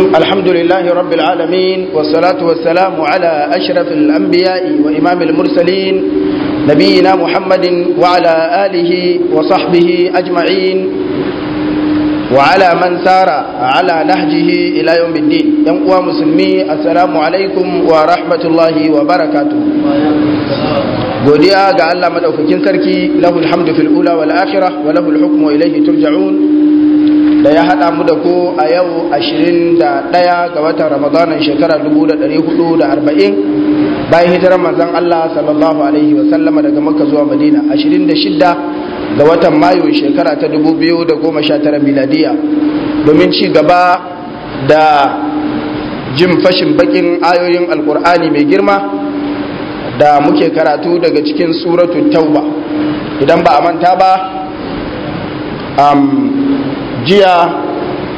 الحمد لله رب العالمين والصلاة والسلام على أشرف الأنبياء وإمام المرسلين نبينا محمد وعلى آله وصحبه أجمعين وعلى من سار على نهجه إلى يوم الدين ينقوى مسلمي السلام عليكم ورحمة الله وبركاته godiya ga Allah madaukakin sarki lahu alhamdu fil ula wal akhirah wa lahu al hukmu ilayhi turja'un da ya haɗa mu da ku a yau 21 ga watan ramadanin shekara 1440 bayan hijirar manzon Allah sallallahu alaihi wa sallama daga makka zuwa madina 26 ga watan mayu shekara ta 2019 miladiya domin ci gaba da jin fashin bakin ayoyin alkur'ani mai girma da muke karatu daga cikin suratu tauba idan ba a manta ba jiya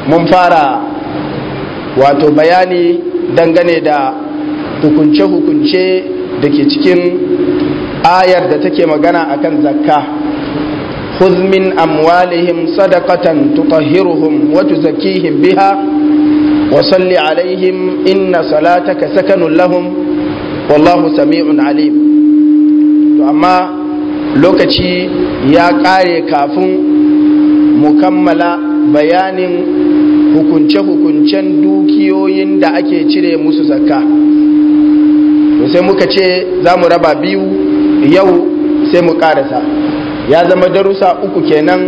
mun fara wato bayani dangane da hukunce-hukunce da ke cikin ayar da take magana akan zakka huzmin amwalihim sadakatan tutahhiruhum wa tuzakkihim biha wa salli alaihim inna salataka sakanun lahum wallahu sami'un alim to amma lokaci ya kare kafin mukammala kammala bayanin hukunce-hukuncen dukiyoyin da ake cire musu zakka sai muka ce za mu raba biyu yau sai mu karasa ya zama darussa uku kenan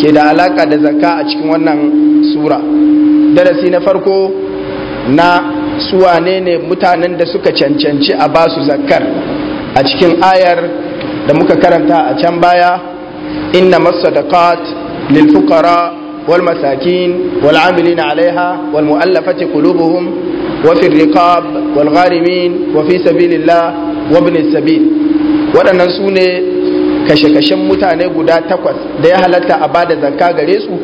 ke da alaka da zakka a cikin wannan sura darasi na farko na suwa ne mutanen da suka cancanci a ba su zakkar a cikin ayar da muka karanta a can baya inna masadaqat lil والمساكين والعاملين عليها والمؤلفة قلوبهم وفي الرقاب والغارمين وفي سبيل الله وابن السبيل waɗannan sune ne kashe-kashen mutane guda takwas da ya halatta a ba da zakka gare su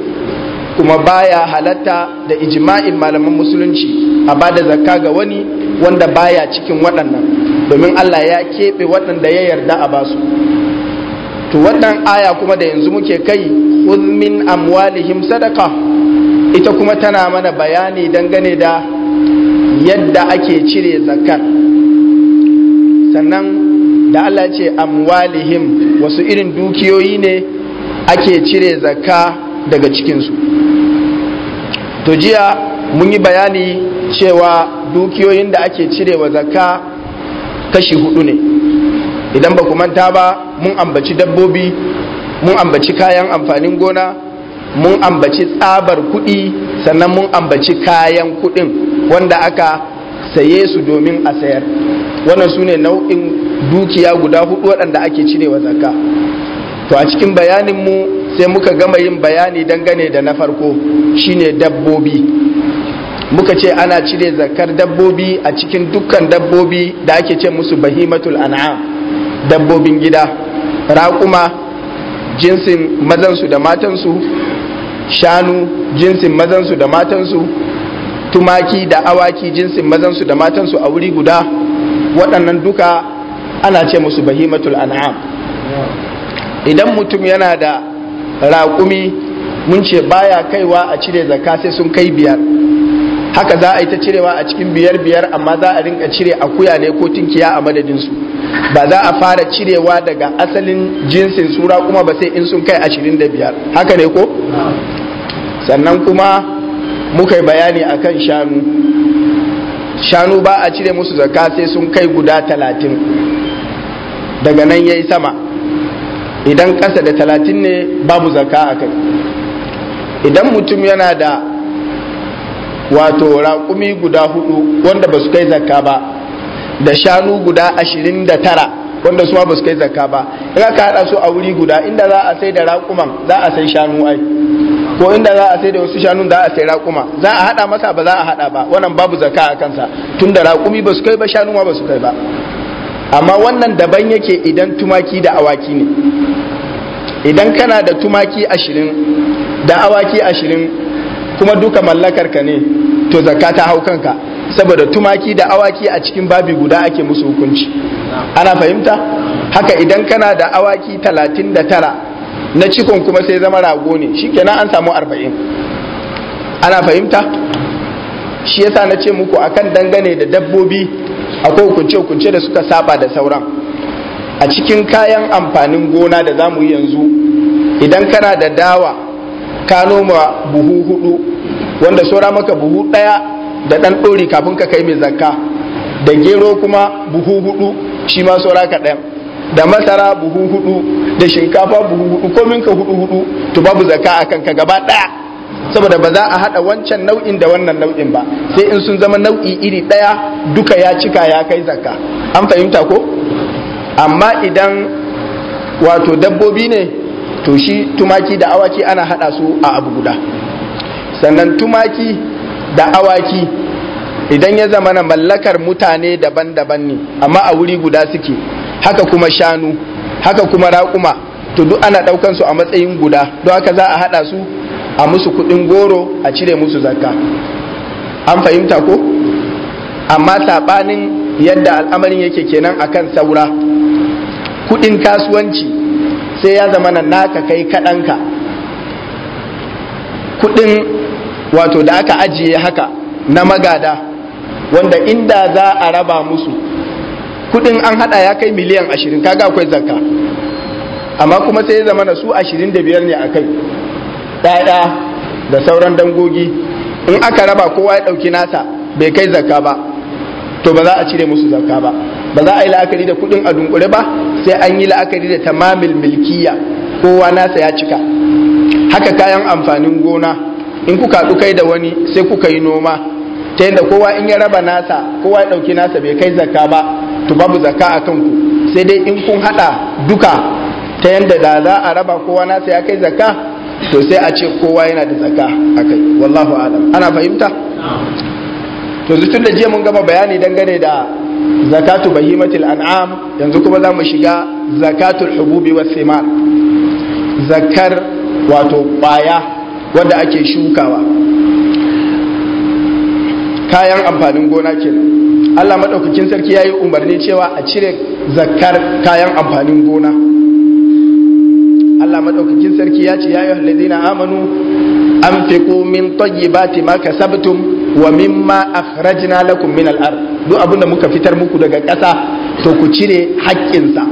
kuma baya halarta da ijma'in malaman musulunci a ba da zakka ga wani wanda baya cikin waɗannan domin Allah ya keɓe waɗanda ya yarda a basu to wannan aya kuma da yanzu muke kai min amwalihim sadaka ita kuma tana mana bayani dangane da yadda ake cire zakar sannan da Allah ce amwalihim wasu irin dukiyoyi ne ake cire zakka daga cikinsu to jiya mun yi bayani cewa dukiyoyin da ake cirewa zakka kashi hudu ne idan ba ku manta ba mun ambaci dabbobi mun ambaci kayan amfanin gona mun ambaci tsabar kuɗi sannan mun ambaci kayan kuɗin wanda aka saye su domin a sayar wannan su ne nau'in dukiya guda hudu waɗanda ake cire wa zakka to a cikin bayaninmu sai muka gama yin bayani dangane da na farko shine dabbobi muka ce ana cire zakar dabbobi a cikin dukkan dabbobi da ake ce musu bahimatul an'am dabbobin gida raƙuma jinsin mazansu da matansu shanu jinsin mazansu da matansu tumaki da awaki jinsin mazansu da matansu a wuri guda waɗannan duka ana ce musu bahimatul an'am idan mutum yana da raƙumi mun ce baya kaiwa a cire zaka sai sun kai biyar haka za a yi ta cirewa a cikin biyar biyar amma za a rinka cire akuya ne ko tinkiya a madadinsu ba za a fara cirewa daga asalin jinsin sura kuma ba sai in sun kai ashirin da biyar haka ne ko sannan kuma muka yi bayani kan shanu shanu ba a cire musu zaka sai sun kai guda talatin daga nan ya yi sama idan ƙasa da talatin ne babu zaka a kai idan mutum yana da wato raƙumi guda hudu wanda ba su kai zaka ba da shanu guda ashirin da tara wanda su ma ba su kai zakka ba in aka haɗa su a wuri guda inda za a sai da raƙuman za a sai shanu ai ko inda za a sai da wasu shanun za a sai raƙuma za a haɗa masa ba za a haɗa ba wannan babu zakka a kansa tun da raƙumi ba su kai ba shanu ma ba su kai ba amma wannan daban yake idan tumaki da awaki ne idan kana da tumaki ashirin da awaki ashirin kuma duka mallakar ka ne to zakka ta hau kanka saboda tumaki da awaki a cikin babi guda ake musu hukunci ana fahimta haka idan kana da awaki talatin da tara na cikon kuma sai zama rago ne na an samu arba'in ana fahimta shi yasa na ce muku akan dangane da dabbobi akwai hukunce-hukunce da suka saba da sauran a cikin kayan amfanin gona da za mu yi yanzu idan kana da dawa ka noma buhu hudu wanda saura maka buhu daya da ɗan ɗori kafin ka kai mai zakka da gero kuma buhu hudu shi ma saura ɗaya da masara buhu hudu da shinkafa buhu hudu komin ka hudu hudu to babu zakka akan ka gaba ɗaya saboda ba za a haɗa wancan nau'in da wannan nau'in ba sai in sun zama nau'i iri ɗaya duka ya cika ya kai zakka an fahimta ko amma idan wato dabbobi ne to shi tumaki da awaki ana haɗa su a abu guda sannan tumaki da awaki idan ya zama na mallakar mutane daban-daban ne amma a wuri guda suke haka kuma shanu haka kuma raƙuma to duk ana ɗaukan su a matsayin guda don haka za a haɗa su a musu kuɗin goro a cire musu zakka an fahimta ko amma saɓanin yadda al'amarin yake kenan a kan saura kuɗin kasuwanci sai ya zama na naka kai kaɗanka kuɗin wato da aka ajiye haka na magada wanda inda za a raba musu kudin an hada ya kai miliyan ashirin kaga akwai zakka amma kuma sai zama na su ashirin da biyar ne a kai ɗaya da sauran dangogi in aka raba kowa ya ɗauki nasa bai kai zakka ba to ba za a cire musu zakka ba ba za a yi la'akari da kudin a dunkule ba sai an yi la'akari da tamamil milkiya kowa nasa ya cika haka kayan amfanin gona in kuka haɗu kai da wani sai kuka yi noma ta yadda kowa in ya raba nasa kowa ya ɗauki nasa bai kai zakka ba to babu zakka a kanku sai dai in kun haɗa duka ta yadda da za a raba kowa nasa ya kai zakka to sai a ce kowa yana da zakka a kai wallahu alam ana fahimta to zutun da jiya mun gama bayani dangane da zakatu bahimatul an'am yanzu kuma za mu shiga zakatul hububi was simar zakar wato baya. wanda ake shukawa kayan amfanin gona kenan Allah maɗaukakin sarki ya yi umarni cewa a cire zakar kayan amfanin gona Allah maɗaukakin sarki ya ce ya yi na amanu an fiku min ta maka kasabtum wa mimma ma a min al duk abin da muka fitar muku daga ƙasa to ku cire haƙƙinsa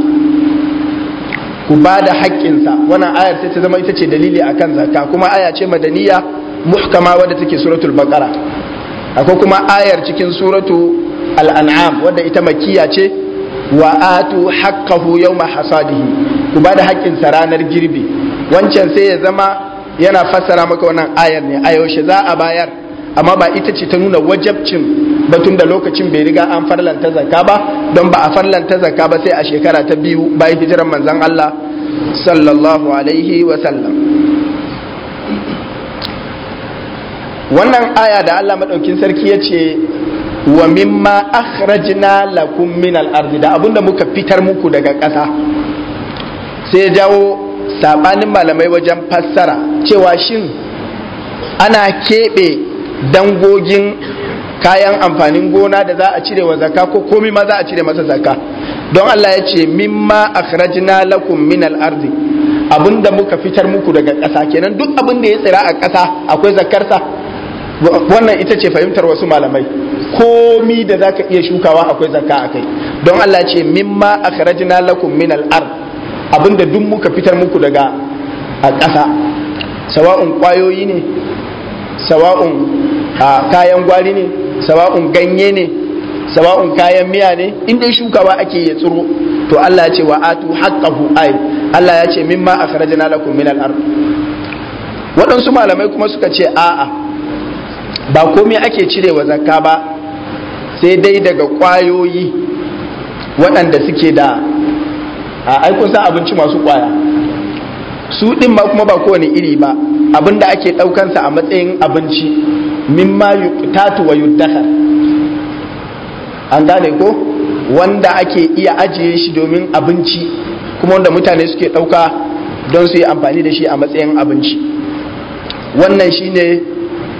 ku ba da haƙƙinsa wannan ayar ta zama ita ce dalili a kan zakka kuma aya ce madaniya muhkama wadda take suratul baqara akwai kuma ayar cikin suratu al'an'am anam wadda ita makiya ce wa atu haqqahu yawma hasadihi ku ba da haƙƙinsa ranar girbi wancan sai ya zama yana fassara maka wannan ayar ne a yaushe za a bayar amma ba ita ce ta nuna wajabcin batun da lokacin bai riga an farlanta zakka ba don ba a farlanta zaka ba sai a shekara ta biyu bayan hijiran manzon Allah sallallahu alaihi wa sallam wannan aya da Allah madaukin sarki ya ce wa mimma akhrajna lakum min al-ardi da abinda muka fitar muku daga ƙasa sai jawo sabanin malamai wajen fassara cewa shin ana keɓe dangogin kayan amfanin gona da za a cire wa zaka ko komi ma za a cire masa zaka don Allah ya ce mimma akhrajna lakum min al-ardi abinda muka fitar muku daga ƙasa kenan duk abin da ya tsira a ƙasa akwai sa wannan ita ce fahimtar wasu malamai komi da zaka iya shukawa akwai zakka akai don Allah ya ce mimma akhrajna lakum min al-ard abinda duk muka fitar muku daga a ƙasa sawa'un kwayoyi ne sawa'un kayan gwari ne sawa'un ganye ne sawa'un kayan miya ne in dai shukawa ake ya tsiro to Allah ya ce wa atu haqqahu ay Allah ya ce mimma akhrajna lakum minal ard waɗansu malamai kuma suka ce a'a ba komai ake cire wa zakka ba sai dai daga kwayoyi waɗanda suke da a kun san abinci masu kwaya su ɗin ma kuma ba kowane iri ba abinda ake ɗaukansa a matsayin abinci mimma yuqtatu wa yuddakhar an gane ko wanda ake iya ajiye shi domin abinci kuma wanda mutane suke ɗauka don su yi amfani da shi a matsayin abinci wannan shine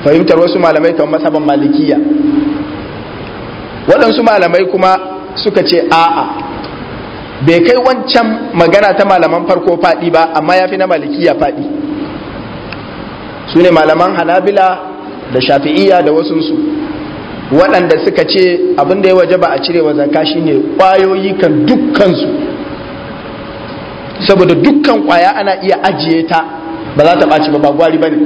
fahimtar wasu malamai kan masaban malikiya waɗansu malamai kuma suka ce a'a bai kai wancan magana ta malaman farko faɗi ba amma ya fi na malikiya faɗi su ne malaman hanabila da shafi'iyya da wasunsu waɗanda suka ce abin da ya waje ba a cire wa zaka shine ƙwayoyi kan dukkansu saboda dukkan ƙwaya ana iya ajiye ta ba za ta ɓaci ba ba gwari ba ne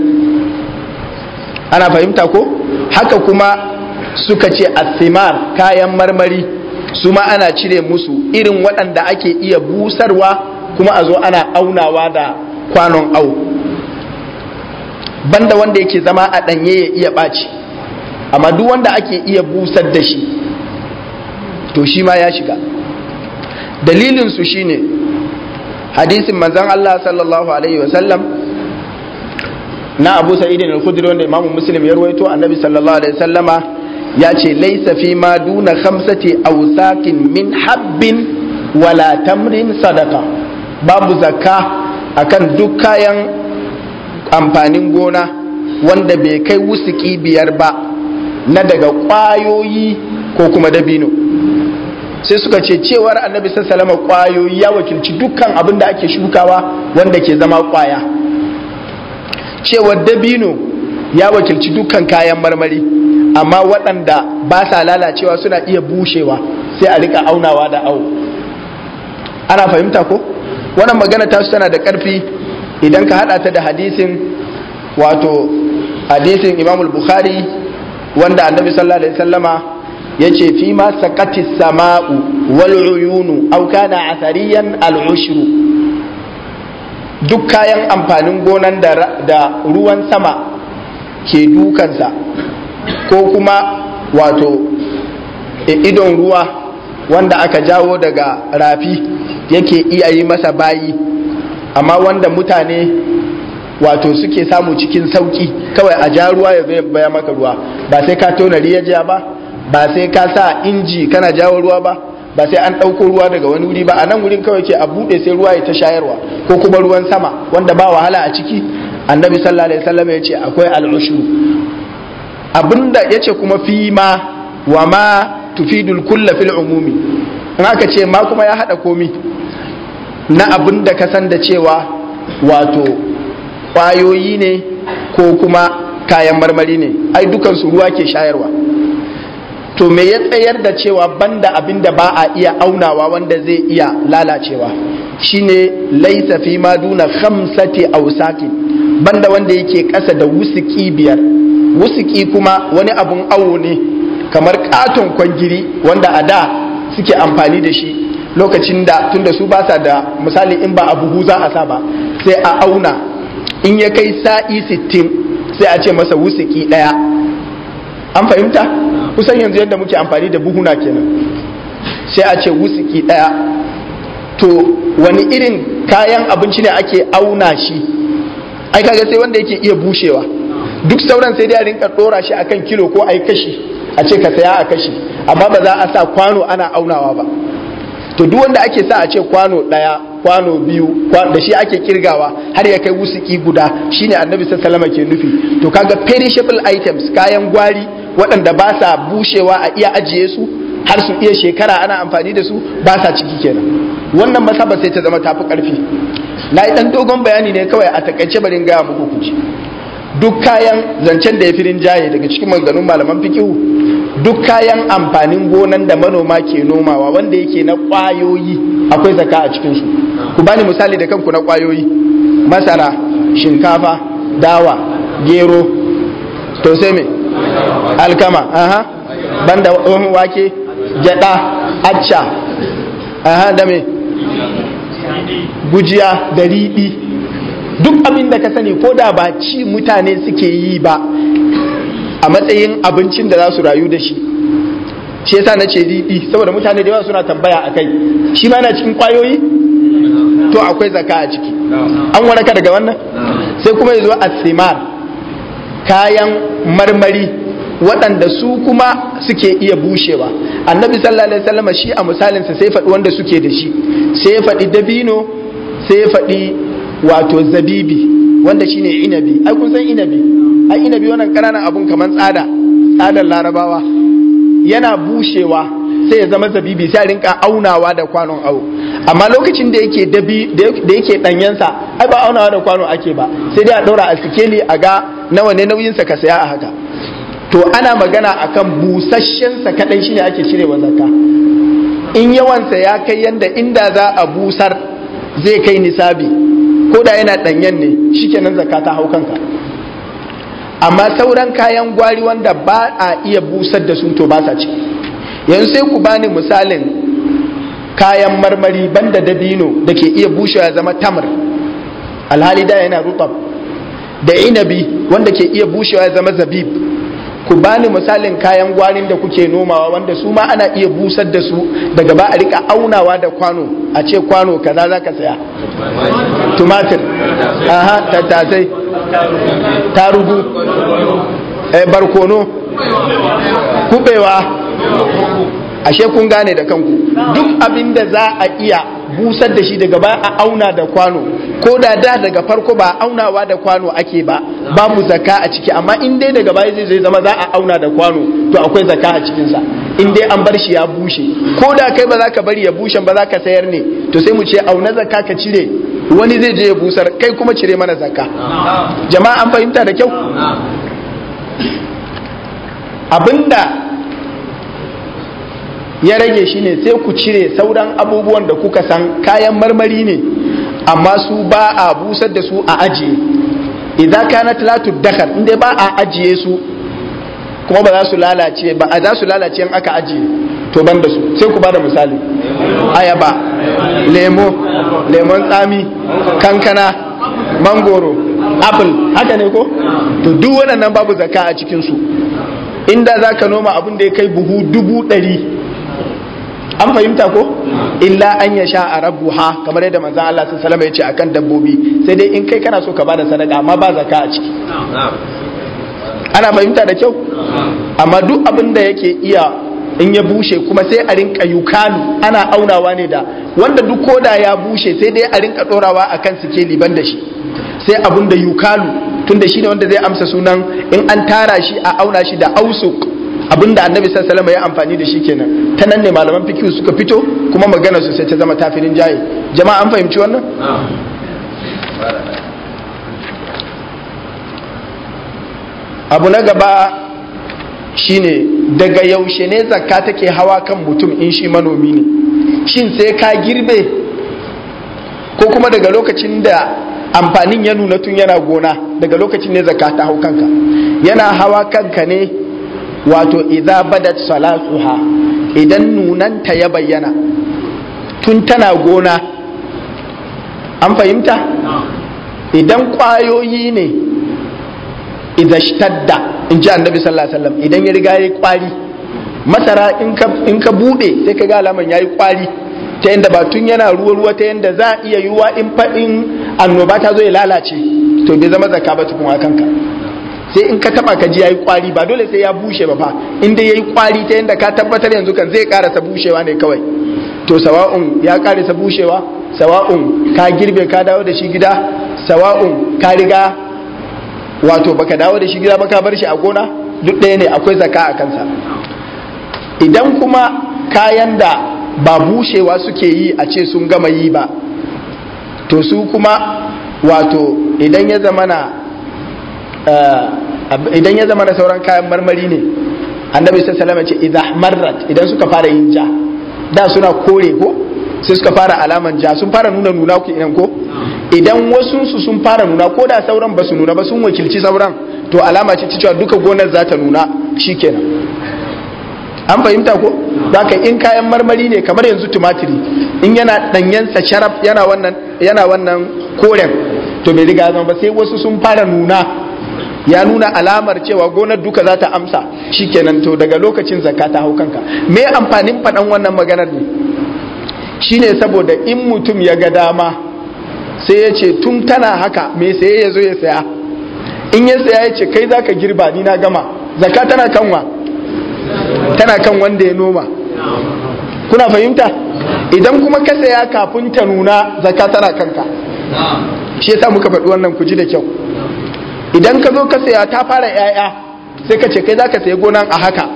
ana fahimta ko haka kuma suka ce a athimar kayan marmari su ma ana cire musu irin waɗanda ake iya busarwa kuma a zo ana aunawa da kwanon au banda wanda yake zama a ɗanye ya iya ɓaci amma duk wanda ake iya busar da shi to shi ma ya shiga dalilinsu shi ne hadisin manzan Allah sallallahu alaihi wasallam na abu sa'idin al-khudri wanda imamu muslim ya ruwaito annabi sallallahu alaihi wasallama ya ce laisa fi ma duna khamsati awsakin min habbin wala tamrin sadaka babu zakka akan duk kayan amfanin gona wanda bai kai wusuki biyar ba na daga kwayoyi ko kuma dabino sai suka ce cewar annabi sassalama kwayoyi ya wakilci dukkan abin da ake shukawa wanda ke zama kwaya cewar dabino ya wakilci dukkan kayan marmari amma waɗanda ba sa lalacewa suna iya bushewa sai a rika aunawa da au ana fahimta ko wannan magana ta tana da ƙarfi idan ka hada ta da hadisin wato hadisin imam bukhari wanda annabi sallallahu alaihi wasallama ya ce fi ma sakati sama'u wal uyunu aw kana athariyan al ushru duk kayan amfanin gonan da ruwan sama ke dukansa ko kuma wato e, idon ruwa wanda aka jawo daga rafi yake iya yi masa bayi amma wanda mutane wato suke samu cikin sauki kawai a jaruwa ya zai baya maka ruwa ba sai ka tona riyajiya ba ba sai ka sa inji kana jawo ruwa ba ba sai an ɗauko ruwa daga wani wuri ba a nan wurin kawai ke a buɗe sai ruwa ya ta shayarwa ko kuma ruwan sama wanda ba wahala a ciki annabi sallallahu alaihi ce akwai al'ushu abinda ya ce kuma fi ma tufidul kulla fil umumi in aka ce ma kuma ya haɗa komi na abin da ka san da cewa wato ƙwayoyi ne ko kuma kayan marmari ne ai dukansu ruwa ke shayarwa to me ya tsayar da cewa banda abin da ba a iya aunawa wanda zai iya lalacewa shine laisa fi ma duna khamsati awsakin banda wanda yake kasa da wusuki biyar wusuki kuma wani abun awo ne kamar katon kwangiri wanda a da suke amfani da shi lokacin da tunda su ba sa da misali in ba a buhu za a sa ba sai a auna in ya kai sa'i sittin sai a ce masa wusiki ɗaya an fahimta kusan yanzu yadda muke amfani da buhuna kenan sai a ce wusiki ɗaya to wani irin kayan abinci ne ake auna shi ai kaga sai wanda yake iya bushewa duk sauran sai dai a rinka dora shi akan kilo ko ai kashi a ce ka saya a kashi amma ba za a sa kwano ana aunawa ba to duk wanda ake sa a ce kwano daya kwano biyu da shi ake kirgawa har ya kai wusiki guda shine annabi sallallahu alaihi ke nufi to kaga perishable items kayan gwari waɗanda ba sa bushewa a iya ajiye su har su iya shekara ana amfani da su ba sa ciki kenan wannan masaba sai ta zama tafi karfi na yi dan dogon bayani ne kawai a takaice barin gaya muku kuji duk kayan zancen da ya fi rinjaye daga cikin maganganun malaman fikihu duk kayan amfanin gonan da manoma ke nomawa wanda yake na kwayoyi akwai zaka a cikin su ku bani misali da kanku na kwayoyi masara shinkafa dawa gero to sai me alkama aha banda wake jada acca aha da me gujiya da riɗi duk abin da ka sani ko da ba ci mutane suke yi ba a matsayin abincin da za su rayu da shi shi sa na ce didi saboda mutane da yawa suna tambaya a kai shi ma na cikin kwayoyi to akwai zaka a ciki an waraka daga wannan sai kuma ya zo a asimar kayan marmari waɗanda su kuma suke iya bushewa annabi sallallahu alaihi shi a misalinsa sai faɗi wanda suke da shi sai faɗi dabino sai faɗi wato zabibi wanda shine inabi ai kun san inabi ai inabi wannan ƙananan abun kamar tsada tsadan larabawa yana bushewa sai ya zama zabibi sai rinka aunawa da kwanon awo amma lokacin da yake dabi da yake danyensa ai ba aunawa da kwano ake ba sai dai a daura a sikeli a ga nawa ne nauyin sa ka saya a haka to ana magana akan busasshen sa kadan shine ake wa zakka in yawansa ya kai yanda inda za a busar zai kai nisabi ko da yana danyen ne shikenan zakka ta hau kanka amma sauran kayan gwari wanda ba a iya busar da sun to ba sa ci yanzu sai ku bani misalin kayan marmari banda dabino da ke iya bushewa zama tamar alhali da yana rutab da inabi wanda ke iya bushewa zama zabib ku bani misalin kayan gwari da kuke nomawa wanda su ma ana iya busar da su daga ba a rika aunawa da kwano a ce kwano kaza za ka saya tumatir aha tattasai tarugu eh, barkono kubewa ashe kun gane da kanku duk abin da za a iya busar da shi daga ba a auna da kwano ko da da daga farko ba aunawa da kwano ake ba ba mu zaka a ciki amma in dai daga baya zai zama za a auna da kwano to akwai zaka a cikinsa in dai an bar shi ya bushe ko da kai ba za ka bari ya bushe ba za ka sayar ne to sai mu ce auna zaka ka cire wani zai je ya busar kai kuma cire mana zakka jama'a an fahimta da kyau abinda ya rage shi ne sai ku cire sauran abubuwan da kuka san kayan marmari ne amma su ba a busar da su a ajiye idan kana talatu dakar inda ba a ajiye su kuma ba za su lalace ba a za su lalace in aka ajiye to ban da su sai ku ba da misali ayaba lemo lemon tsami kankana mangoro apple haka ne ko to duk waɗannan babu zakka a cikinsu inda za ka noma abin da ya kai buhu dubu ɗari an fahimta ko illa an ya sha a rabu ha kamar yadda manzan Allah sun salama ya ce a kan dabbobi sai dai in kai kana so ka bada sadaka amma ba zaka a ciki ana fahimta da kyau amma duk abin da yake iya in ya bushe kuma sai a rinka yukanu ana aunawa ne da wanda duk koda ya bushe sai dai a rinka a kan sikeli ban da shi sai abun da yukalu tun da shi ne wanda zai amsa sunan in an tara shi a auna shi da ausu abin da annabi sallallahu ya amfani da shi kenan ta nan ne malaman fikihu suka fito kuma magana su sai ta zama tafirin jaye jama'a an fahimci wannan abu na gaba shine daga yaushe ne zakka take hawa kan mutum in shi manomi ne shin sai ka girbe ko kuma daga lokacin da amfanin ya nuna tun yana gona daga lokacin ne zakka ta hau kanka yana hawa kanka ne wato idza badat salatuha idan nunanta ya bayyana tun tana gona an fahimta idan kwayoyi ne idza in ji annabi sallallahu alaihi wasallam idan ya riga yayi kwari masara in ka in bude sai ka ga alaman yayi kwari ta yadda ba tun yana ruwa ruwa ta yanda za a iya yiwuwa in faɗin annoba ta zo ya lalace to bai zama zakka ba tukun akan ka sai in ka taba ka ji yayi kwari ba dole sai ya bushe ba fa in dai yayi kwari ta yanda ka tabbatar yanzu kan zai karasa bushewa ne kawai to sawa'un ya karasa bushewa sawa'un ka girbe ka dawo da shi gida sawa'un ka riga wato baka dawo da shi gida baka bar shi a gona duk ɗaya ne akwai zaka a kansa idan kuma kayan da ba bushewa suke yi a ce sun gama yi ba to su kuma wato idan ya zamana eh, idan ya zamana sauran kayan marmari ne annabi sallallahu alaihi ce idan marrat idan suka fara yin ja da suna kore ko sai suka fara alaman ja sun fara nuna nuna ku inan ko idan wasu sun fara nuna ko da sauran ba su nuna ba sun wakilci sauran to alama ce cewa duka gonar za ta nuna shikenan an fahimta ko ka in kayan marmari ne kamar yanzu tumatiri in yana sa sharaf yana wannan yana wannan koren to bai riga zama ba sai wasu sun fara nuna ya nuna alamar cewa gonar duka za ta amsa shikenan to daga lokacin zakka ta hau kanka me amfanin faɗan wannan maganar ne shine saboda in mutum ya ga dama sai ya ce tun tana haka mai saye ya zo ya saya in ya saya ya ce kai za ka girba ni na gama zaka tana kanwa tana kan wanda ya noma kuna fahimta idan kuma ka saya kafin ta nuna zaka tana kanka shi yasa muka faɗi wannan kuji da kyau idan ka zo ka saya ta fara 'ya'ya sai ka ce kai zaka saya gonan a haka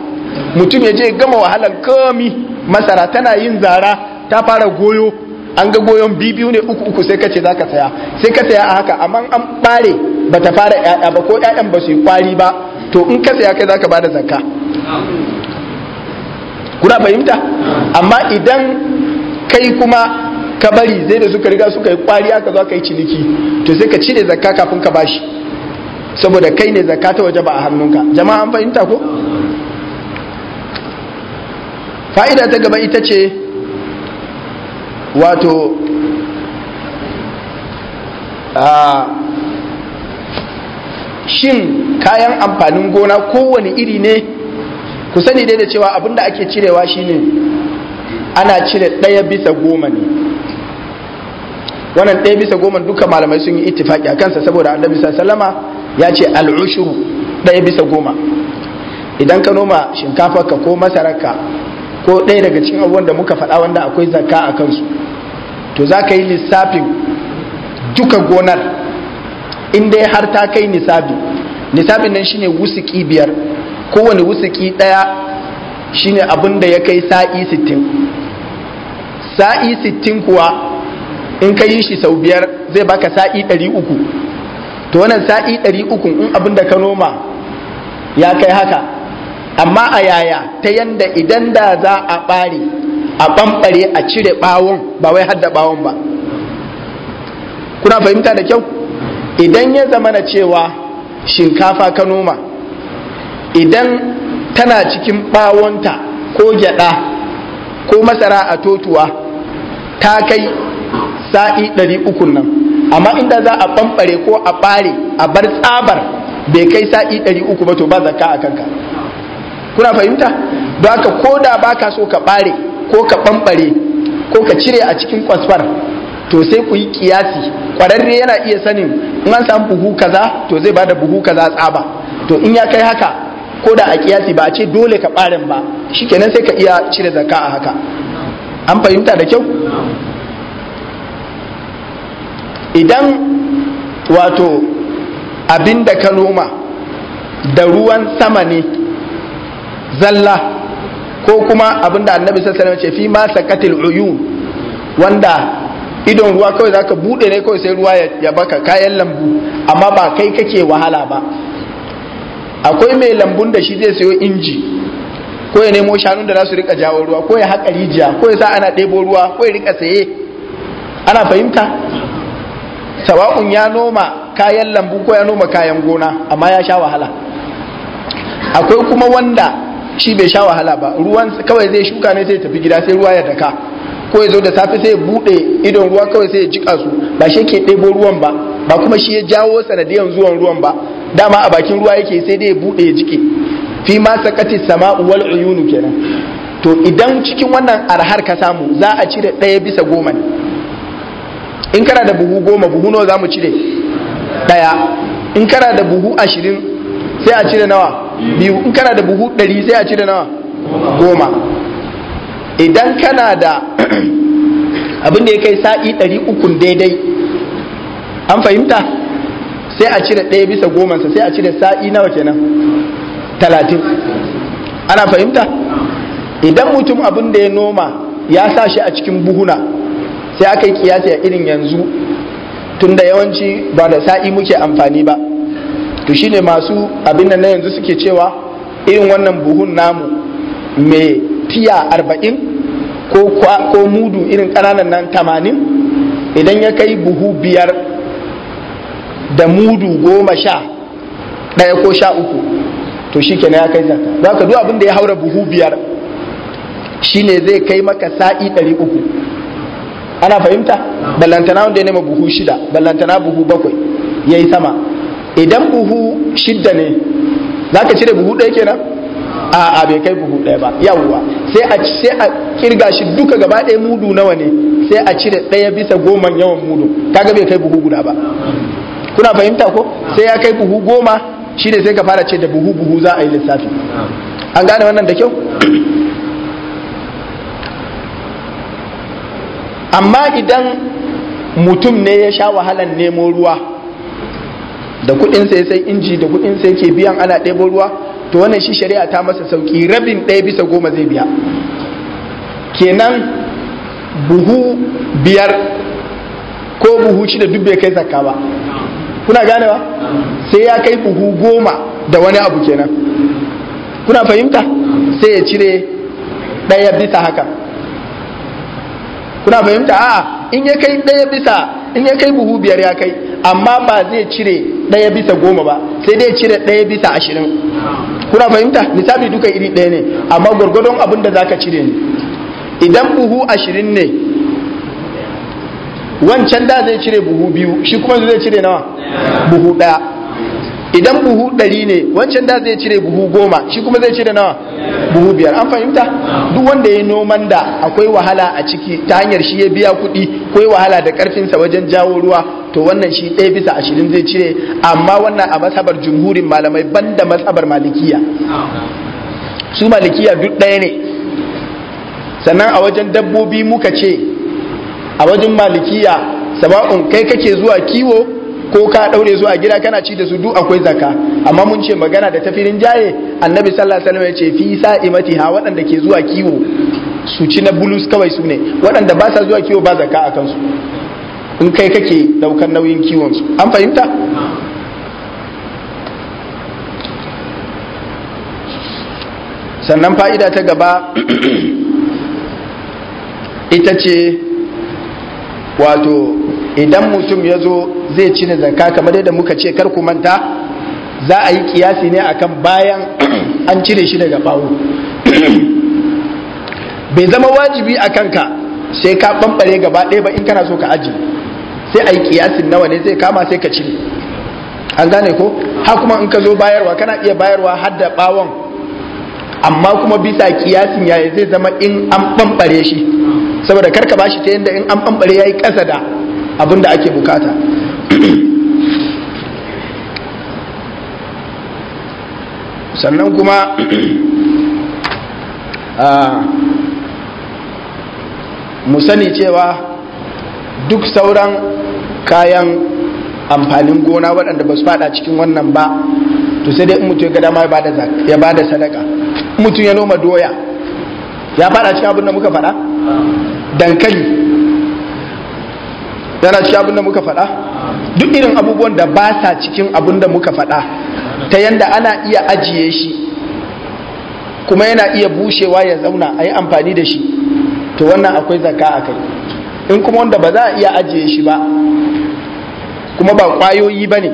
mutum ya je gama wahalar kami masara tana yin zara ta fara goyo an ga goyon bibiyu ne uku uku sai ka ce za ka saya sai ka saya a haka amma an bare ba ta fara ƴaƴa ba ko ƴaƴan ba su yi kwari ba to in ka saya kai za ka bada zakka kuna fahimta amma idan kai kuma ka bari zai da suka riga suka yi kwari aka zo ka yi ciniki to sai ka cire zakka kafin ka bashi saboda kai ne zakka ta waje ba a hannunka jama'a an fahimta ko fa'ida ta gaba ita ce wato shin kayan amfanin gona kowane iri ne ku sani dai da cewa abinda ake cirewa shine ana cire ɗaya bisa goma ne wannan ɗaya bisa goma duka malamai sun yi ittifaki a kansa saboda annabi sallama ya ce al'ushuru ɗaya bisa goma idan ka noma ka ko masararka ko ɗaya daga cikin abubuwan da muka faɗa wanda akwai zakka a kansu to za ka yi lissafin duka gonar in dai har ta kai nisabi nisabin nan shine wusiki biyar kowane wusiki ɗaya shine abin da ya kai sa'i sittin sa'i sittin kuwa in ka yi shi sau biyar zai baka sa'i ɗari uku to wannan sa'i ɗari uku in abin da ka noma ya kai haka amma a yaya ta yanda idan da za a ɓare a ɓamɓare a cire ɓawon ba wai hadda ɓawon ba kuna fahimta da kyau idan ya zama na cewa shinkafa ka noma idan tana cikin ɓawonta ko gyaɗa ko masara a totuwa ta kai sa'i ɗari ukun nan amma inda za a ɓamɓare ko a ɓare a bar tsabar bai kai sa'i ɗari uku ba to ba zakka a kanka kuna fahimta don haka ko da baka so ka bare ko ka bambare ko ka cire a cikin kwasfar to sai ku yi kiyasi kwararre yana iya sanin in an samu buhu kaza to zai ba da buhu kaza tsaba to in ya kai haka ko da a kiyasi ba a ce dole ka barin ba shikenan sai ka iya cire zakka a haka an fahimta da kyau idan wato abin da ka noma da ruwan sama ne zalla ko kuma abinda annabi sallallahu alaihi wasallam ce fi ma sakatil uyun wanda idon ruwa kawai zaka bude ne kawai sai ruwa ya baka kayan lambu amma ba kai kake wahala ba akwai mai lambun da shi zai sayo inji ko ya nemo shanun da za su rika jawo ruwa ko ya haƙa rijiya ko ya sa ana ɗebo ruwa ko ya rika saye ana fahimta sawa'un ya noma kayan lambu ko ya noma kayan gona amma ya sha wahala akwai kuma wanda shi bai sha wahala ba ruwan kawai zai shuka ne sai tafi gida sai ruwa ya daka ko ya zo da safe sai ya bude idon ruwa kawai sai ya jika su ba shi ke ɗebo ruwan ba ba kuma shi ya jawo sanadiyan zuwan ruwan ba dama a bakin ruwa yake sai dai ya bude ya jike fi ma sakati sama'u wal uyunu kenan to idan cikin wannan arhar ka samu za a cire ɗaya bisa goma ne in kana da buhu goma buhu nawa za mu cire ɗaya in kana da buhu ashirin sai a cire nawa biyu in kana da buhu ɗari sai a cire nawa goma idan kana da abin da ya kai sa'i ɗari ukun daidai an fahimta sai a cire ɗaya bisa gomansa sai a cire sa'i nawa kenan talatin ana fahimta idan mutum abin da ya noma ya sa shi a cikin buhuna sai aka yi kiyasi a irin yanzu tunda yawanci ba da sa'i muke amfani ba to shine masu abin nan na yanzu suke cewa irin wannan buhun namu mai tiya arba'in ko mudu irin ƙananan nan tamanin idan ya kai buhu biyar da mudu goma sha ɗaya ko sha uku to shi kenan ya kai zaka za ka duk abin da ya haura buhu biyar shi ne zai kai maka sa'i ɗari uku ana fahimta ballantana wanda ya nema buhu shida ballantana buhu bakwai ya yi sama idan buhu shidda ne za ka cire buhu ɗaya kenan a a bai kai buhu ɗaya ba yawwa sai a sai a kirga shi duka gaba ɗaya mudu nawa ne sai a cire ɗaya bisa goma yawan mudu kaga bai kai buhu guda ba kuna fahimta ko sai ya kai buhu goma shi ne sai ka fara ce da buhu buhu za a yi lissafi an gane wannan da kyau amma idan mutum ne ya sha wahalan nemo ruwa da kudin sai sai inji da kudin sai ke biyan ana ɗebo ruwa to wannan shi shari'a ta masa sauki rabin ɗaya bisa goma zai biya kenan buhu biyar ko buhu shida duk bai kai zakka ba kuna ba sai ya kai buhu goma da wani abu kenan kuna fahimta sai ya cire ɗaya bisa haka kuna fahimta a in ya kai ɗaya bisa in ya kai buhu biyar ya kai amma ba zai cire ɗaya bisa goma ba sai dai cire ɗaya bisa ashirin kuna fahimta misali duka iri ɗaya ne amma gwargwadon abin da zaka cire ne idan buhu ashirin ne wancan da zai cire buhu biyu shi kuma zai cire nawa buhu ɗaya idan buhu ɗari ne wancan da zai cire buhu goma shi kuma zai cire nawa buhu biyar an fahimta duk wanda ya noman da akwai wahala a ciki ta hanyar shi ya biya kuɗi akwai wahala da ƙarfinsa wajen jawo ruwa to wannan shi ɗaya bisa ashirin zai cire amma wannan a matsabar jumhurin malamai banda matsabar malikiya su malikiya duk ɗaya ne sannan a wajen dabbobi muka ce a wajen malikiya saba'un kai kake zuwa kiwo ko ka daure zuwa gida kana ci da su duk akwai zaka amma mun ce magana da ta tafirin jaye annabi sallallahu alaihi wasallam ya ce fi sa'imati ha waɗanda ke zuwa kiwo su ci na bulus kawai su ne waɗanda ba sa zuwa kiwo ba zaka a kansu in kai kake daukan nauyin kiwon su an fahimta sannan fa'ida ta gaba ita ce wato idan mutum ya zo zai cire zaka kamar yadda muka ce kar ku manta za a yi kiyasi ne akan bayan an cire shi daga bawo bai zama wajibi a kanka sai ka bambare gaba ɗaya ba in kana so ka ajiye sai a yi kiyasin nawa ne zai kama sai ka ci an gane ko ha kuma in ka zo bayarwa kana iya bayarwa har da bawon amma kuma bisa kiyasin yaya zai zama in an bambare shi saboda karka bashi ta yadda in an bambare yayi kasa da abin da ake bukata sannan kuma ah, mu sani cewa duk sauran kayan amfanin gona waɗanda ba su fada cikin wannan ba to sai dai in mutum ya gada ma ya ba da sadaka mutum ya noma doya ya fada cikin abin da muka fada dankali yana cikin abin da muka fada duk irin abubuwan da ba sa cikin abin da muka fada ta yanda ana iya ajiye shi kuma yana iya bushewa ya zauna a yi amfani da shi to wannan akwai zaka a kai in kuma wanda ba za a iya ajiye shi ba kuma ba kwayoyi ba ne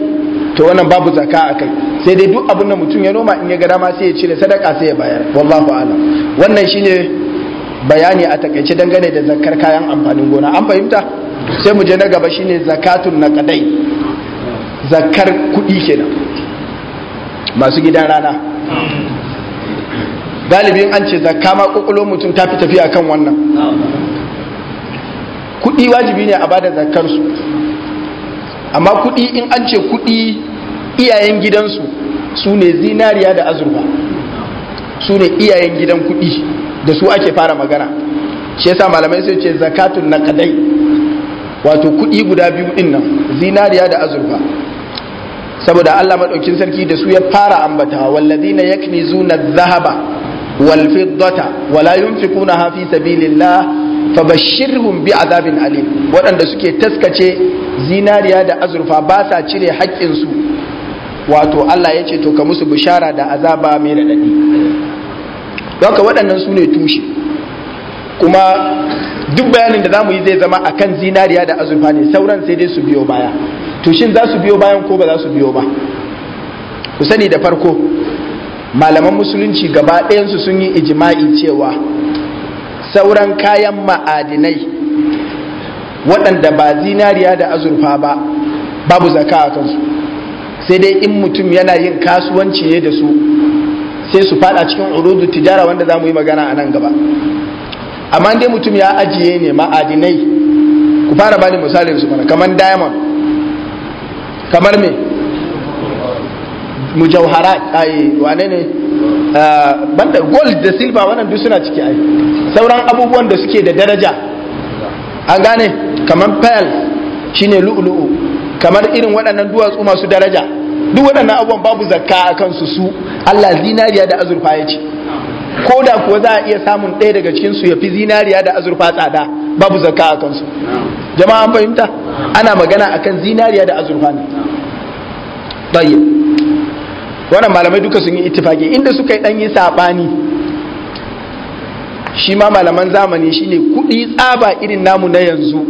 to wannan babu zaka a kai sai dai duk abin da mutum ya noma in ya ga dama sai ya cire sadaka sai ya bayar wallahu alam wannan shine bayani a takaice dangane da zakar kayan amfanin gona an fahimta sai mu je na gaba shine zakatun na kadai. zakar kuɗi kenan masu gidan rana galibin an ce zakka ma kokolo mutum ta fi tafiya kan wannan kuɗi wajibi ne a bada zakarsu amma kuɗi in an ce kuɗi iyayen gidansu su ne zinariya da azurfa su ne iyayen gidan kuɗi da su ake fara magana shi yasa malamai sai ce zakatun na kadai wato kuɗi guda biyu din nan zinariya da azurfa saboda Allah maɗaukin sarki da su ya fara ambata wallazina yaknizuna dhahaba wal fiddata wala yunfiqunaha fi sabilillah bi azabin alim waɗanda suke taskace zinariya da azurfa ba sa cire haƙƙin su wato Allah ya ce to ka musu bishara da azaba mai raɗaɗi haka waɗannan su ne tushe kuma duk bayanin da zamu yi zai zama akan zinariya da azurfa ne sauran sai dai su biyo baya to shin za su biyo bayan ko ba za su biyo ba ku sani da farko malaman musulunci gaba ɗayansu sun yi ijima'i cewa sauran kayan ma'adinai waɗanda ba zinariya da azurfa ba babu zaka a kansu sai dai in mutum yana yin kasuwanci ne da su sai su fada cikin urudu tijara wanda za mu yi magana a nan gaba amma dai mutum ya ajiye ne ma'adinai ku fara bani misalin su mana kamar diamond kamar me mujawhara ai wane ne ah, banda gold da silver wannan duk suna ciki ai sauran abubuwan da suke da daraja an gane kamar pearl shine lu'lu'u kamar irin waɗannan duwatsu masu daraja duk waɗannan abubuwan babu zakka a kansu su Allah zinariya da azurfa ya ce ko da kuwa za a iya samun ɗaya daga cikin su yafi zinariya da azurfa tsada babu zakka a kansu jama'a fahimta ana magana akan zinariya da azurfa ne tayyib wannan malamai duka sun yi ittifaki inda suka yi ɗanye saɓani shi ma malaman zamani shine kuɗi tsaba irin namu na yanzu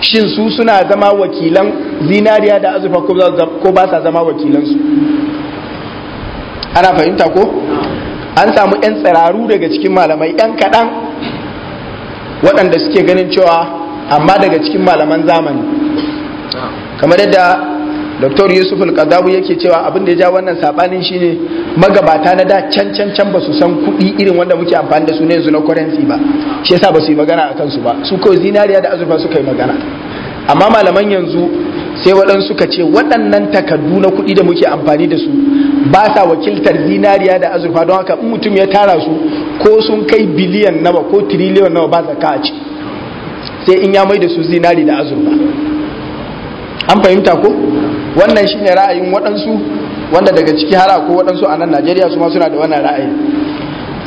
shin su suna zama wakilan zinariya da azurfa ko ba sa zama wakilansu ana fahimta ko an samu 'yan tsiraru daga cikin malamai 'yan kaɗan waɗanda suke ganin cewa amma daga cikin malaman zamani kamar yadda Dr. Yusuf al yake cewa abin da ya ja wannan sabanin shine magabata na da can can can ba su san kuɗi irin wanda muke amfani da su ne yanzu na currency ba. Shi yasa su yi magana a kansu ba. Su kawai zinariya da azurfa suka yi magana. Amma malaman yanzu sai waɗansu suka ce waɗannan takardu na kuɗi da muke amfani da su ba sa wakiltar zinariya da azurfa don haka in mutum ya tara su ko sun kai biliyan nawa ko tiriliyan nawa ba zaka a ci sai in ya mai da su zinari da azurfa an fahimta ko wannan shine ra'ayin waɗansu wanda daga ciki har akwai waɗansu a nan Najeriya su ma suna da wannan ra'ayi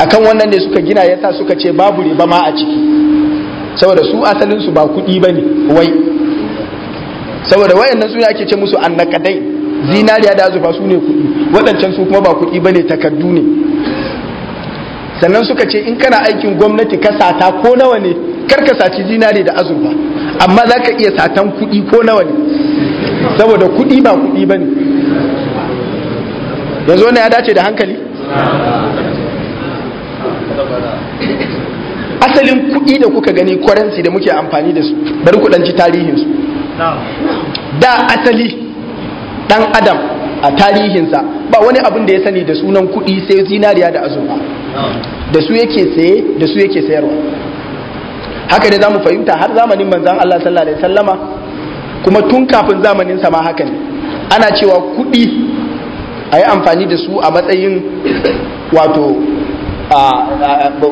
akan wannan ne suka gina yasa suka ce babu riba ma a ciki saboda su asalin su ba kuɗi bane wai saboda wayannan su ne ake ce musu kadai zinariya da azufa su ne kuɗi waɗancan su kuma ba kuɗi bane takardu ne sannan suka ce in kana aikin gwamnati ka sata ko nawa ne kar ka saci zinari da azurfa amma za ka iya satan kuɗi ko nawa ne saboda kuɗi ba kuɗi ba ne yanzu wanda ya dace da hankali asalin kuɗi da kuka gani kwaranci da muke amfani da su bari ku ɗanci tarihinsu da asali ɗan adam a tarihinsa ba wani abin da ya sani da sunan kuɗi sai zinariya da azurfa da su yake saye da su yake sayarwa haka ne za mu fahimta har zamanin manzan Allah sallallahu alaihi sallama kuma tun kafin zamanin sama haka ne ana cewa kuɗi a yi amfani da su a matsayin wato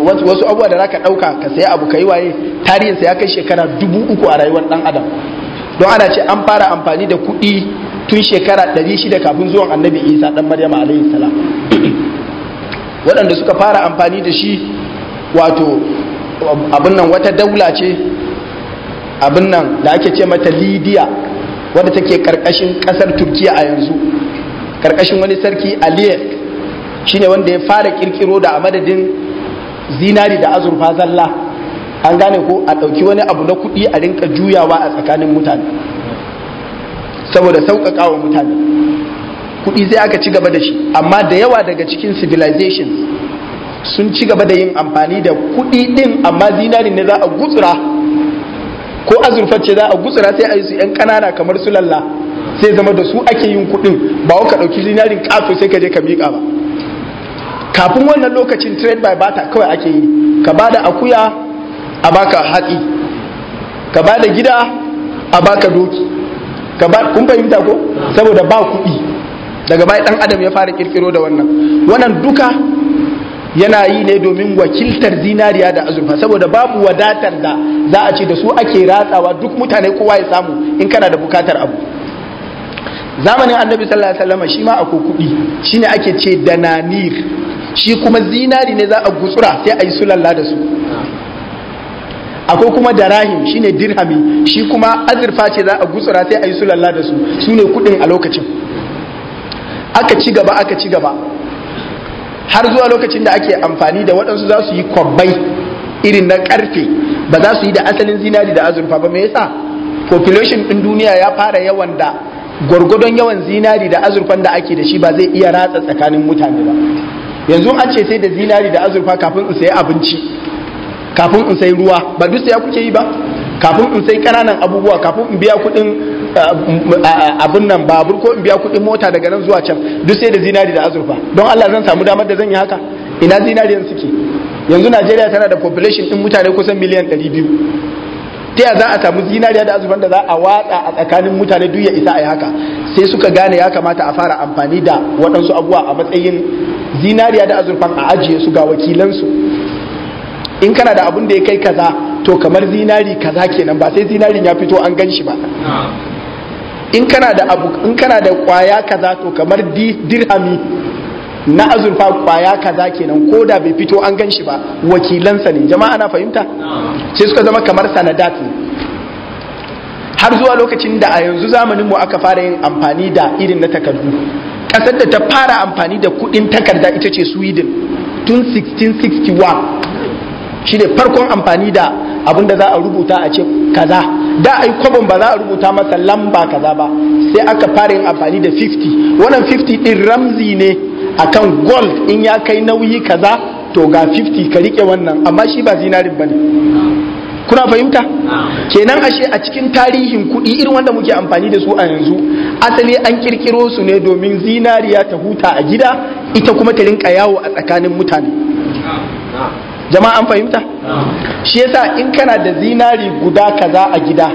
wasu abubuwa da zaka ɗauka ka sayi abu ka yi waye tarihinsa ya kai shekara dubu uku a rayuwar ɗan adam don ana ce an fara amfani da kuɗi tun shekara ɗari shida kafin zuwan annabi isa ɗan maryam alayhi salam waɗanda suka fara amfani da shi wato abin nan wata daula ce abin nan da ake ce mata lidiya wadda take karkashin kasar turkiya a yanzu karkashin wani sarki shi shine wanda ya fara kirkiro da a madadin zinari da azurfa zalla an gane ko a ɗauki wani abu na kuɗi a rinka juyawa a tsakanin mutane saboda sauƙaƙa wa mutane kuɗi zai aka ci gaba da shi amma da yawa daga cikin civilizations sun ci gaba da yin amfani da kuɗi ɗin amma zinari ne za a gutsura ko azurfar ce za a gutsura sai a yi su yan ƙanana kamar su lalla sai zama da su ake yin kuɗin ba ka ɗauki zinarin kafin sai ka je ka miƙa ba kafin wannan lokacin trade by bata kawai ake yi ka ba da akuya a baka hatsi ka ba da gida a baka doki ka ba kun fahimta ko saboda ba kuɗi daga baya dan adam ya fara kirkiro da wannan wannan duka yana yi ne domin wakiltar zinariya da azurfa saboda babu wadatar da za a ce da su ake ratsawa duk mutane kowa ya samu in kana da bukatar abu zamanin annabi sallallahu alaihi wasallam shi ma a kuɗi shine ake ce dananir shi kuma zinari ne za a gutsura sai a yi sulalla da su akwai kuma darahim shine dirhami shi kuma azurfa ce za a gutsura sai a yi sulalla da su su ne kuɗin a lokacin aka ci gaba aka ci gaba har zuwa lokacin da ake amfani da waɗansu za su yi kwabbai irin na ƙarfe ba za su yi da asalin zinari da azurfa ba me yasa population ɗin duniya ya fara yawan da gwargwadon yawan zinari da azurfan da ake da shi ba zai iya ratsa tsakanin mutane ba yanzu an ce sai da zinari da azurfa kafin in sayi abinci kafin in sayi ruwa ba duk sai kuke yi ba kafin in sai ƙananan abubuwa kafin in biya kuɗin abun nan babur ko in biya kuɗin mota daga nan zuwa can duk sai da zinari da azurfa don Allah zan samu damar da zan yi haka ina zinariyan suke yanzu Najeriya tana da population din mutane kusan miliyan 200 ta ya za a samu zinariya da azurfan da za a watsa a tsakanin mutane duk ya isa a haka sai suka gane ya kamata a fara amfani da waɗansu abuwa a matsayin zinariya da azurfan a ajiye su ga wakilansu in kana da abun da ya kai kaza to kamar zinari kaza kenan ba sai zinarin ya fito an gan shi ba in kana da abu in kana da kwaya kaza to kamar dirhami na azurfa kwaya kaza kenan ko da bai fito an gan shi ba wakilansa ne jama'a na fahimta sai suka zama kamar sanadat ne har zuwa lokacin da a yanzu zamanin mu aka fara yin amfani da irin na takardu kasar da ta fara amfani da kudin takarda ita ce sweden tun 1661 shi ne farkon amfani da abinda za a rubuta a ce kaza da yi kwabon ba za a rubuta masa lamba kaza ba sai aka fara yin amfani da 50 wannan 50 din ramzi ne akan gold in ya kai nauyi kaza to ga 50 ka rike wannan amma shi ba zinarin bane kuna fahimta kenan ashe a cikin tarihin kuɗi irin wanda muke amfani da su a yanzu asali an kirkiro su ne domin zinariya ta huta a gida ita kuma ta rinka yawo a tsakanin mutane jama'a an fahimta shi yasa in kana da zinari guda kaza a gida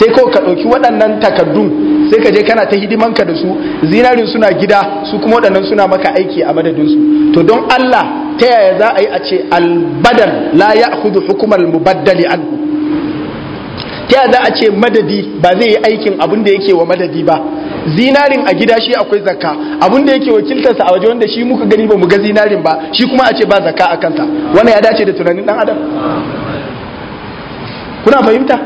sai ko ka ɗauki waɗannan takardun sai ka je kana ta hidimanka da su zinarin suna gida su kuma waɗannan suna maka aiki a madadinsu to don Allah ta yaya za a yi a ce albadal la ya hudu hukumar mubaddali anhu ta yaya za a ce madadi ba zai yi aikin abin da yake wa madadi ba zinarin a gida shi akwai zakka abin da yake wakiltarsa a waje wanda shi muka gani ba mu ga zinarin ba shi kuma a ce ba zakka a kansa wani ya dace da tunanin dan adam kuna fahimta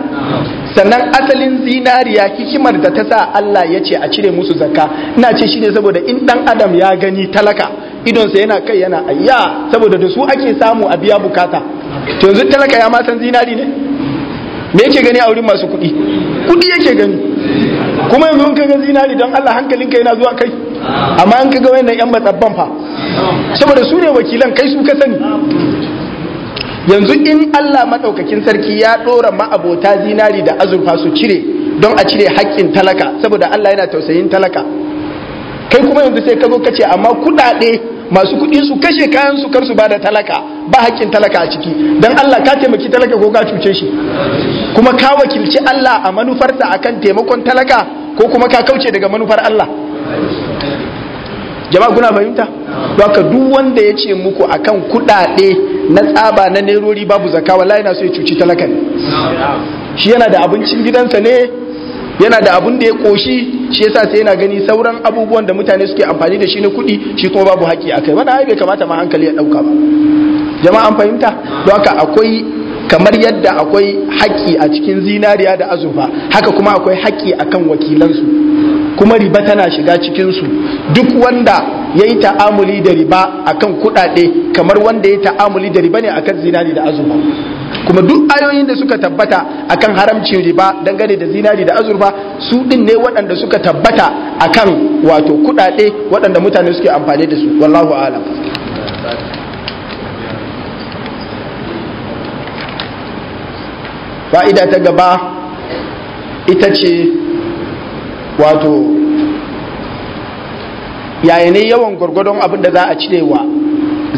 sannan asalin zinariya hikimar da ta sa Allah ya ce a cire musu zakka ina ce shine saboda in dan adam ya gani talaka idonsa yana kai yana ayya saboda da su ake samu a biya bukata to yanzu talaka ya ma san zinari ne me yake gani a wurin masu kuɗi kuɗi yake gani kuma yanzu ka ga zinari don Allah hankalinka yana zuwa kai amma an kaga wayannan yan matsabban fa saboda su ne wakilan kai su ka sani yanzu in Allah madaukakin sarki ya dora ma'abota zinari da azurfa su cire don a cire haƙƙin talaka saboda Allah yana tausayin talaka kai kuma yanzu sai ka zo ka ce amma kuɗaɗe masu kuɗi su kashe kayan su kar su bada talaka ba haƙƙin talaka a ciki don Allah ka taimaki talaka ko ka cuce shi kuma ka wakilci Allah a manufarta akan taimakon talaka ko kuma ka kauce daga manufar Allah jama'a kuna fahimta haka duk wanda ya ce muku akan kuɗaɗe na tsaba na nerori babu zaka wallahi yana so ya cuci talaka shi yana da abincin gidansa ne yana da abun da ya koshi shi yasa sai yana gani sauran abubuwan da mutane suke amfani da shi na kuɗi shi kuma babu haƙƙi kai, wanda ai bai kamata ma hankali ya ɗauka ba jama'a fahimta don haka akwai kamar yadda akwai haƙƙi a cikin zinariya da azurfa haka kuma akwai haƙƙi akan wakilansu kuma riba tana shiga cikin su duk wanda ya yi ta'amuli da riba akan kuɗaɗe kamar wanda ya ta'amuli da riba ne akan zinari da azurfa kuma duk ayoyin da suka tabbata akan haramcin riba dangane da zinari da azurfa su din ne waɗanda suka tabbata akan wato kuɗaɗe waɗanda mutane suke amfani da su wallahu alam fa'ida ta gaba ita ce wato yaya ne yawan gwargwadon abin da za a cire wa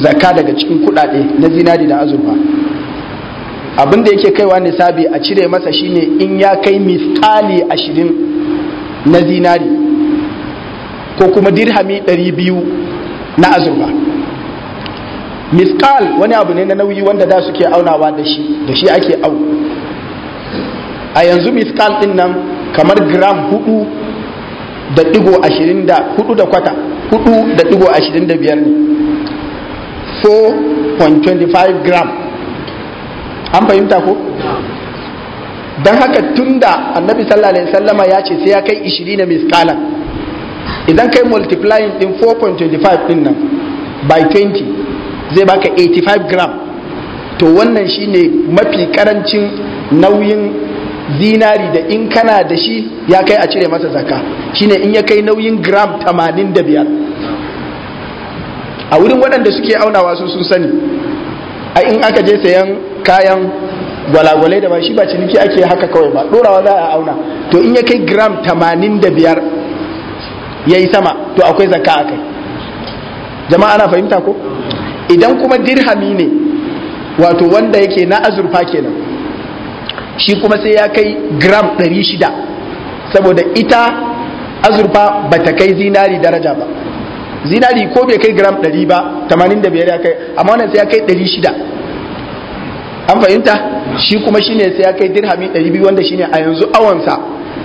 zaka daga cikin kuɗaɗe na zinari da azurfa abin da yake kaiwa nisabi a cire masa shine in ya kai misali ashirin na zinari ko kuma dirhami ɗari biyu na azurfa miskal wani abu ne na nauyi wanda da suke aunawa da shi da shi ake au a yanzu miskal din nan kamar gram hudu da digo ashirin da hudu da kwata hudu da digo ashirin da biyar ne 4.25 gram an fahimta ko don haka tun da annabi sallallahu alaihi wasallama ya ce sai ya kai 20 miskala idan kai multiplying din 4.25 din nan by 20 zai baka 85 gram to wannan shine mafi karancin nauyin zinari da in kana da shi ya kai a cire masa zaka shine in ya kai nauyin gram 85 a wurin waɗanda suke aunawa sun sani a in aka je sayan kayan gwalagwalai da ba shi ba ciniki ake haka kawai ba ɗorawa za a auna to in ya kai gram 85 ya yi sama to akwai zakka a kai jama'a ana fahimta ko idan kuma dirhami ne wato wanda yake na azurfa kenan shi kuma sai ya kai gram 600 saboda ita azurfa ba ta kai zinari daraja ba zinari ko bai kai gram 100 ba 85 ya kai amma wannan sai ya kai 600 an fahimta shi kuma shine sai ya kai dirhami 200 wanda shine a yanzu awansa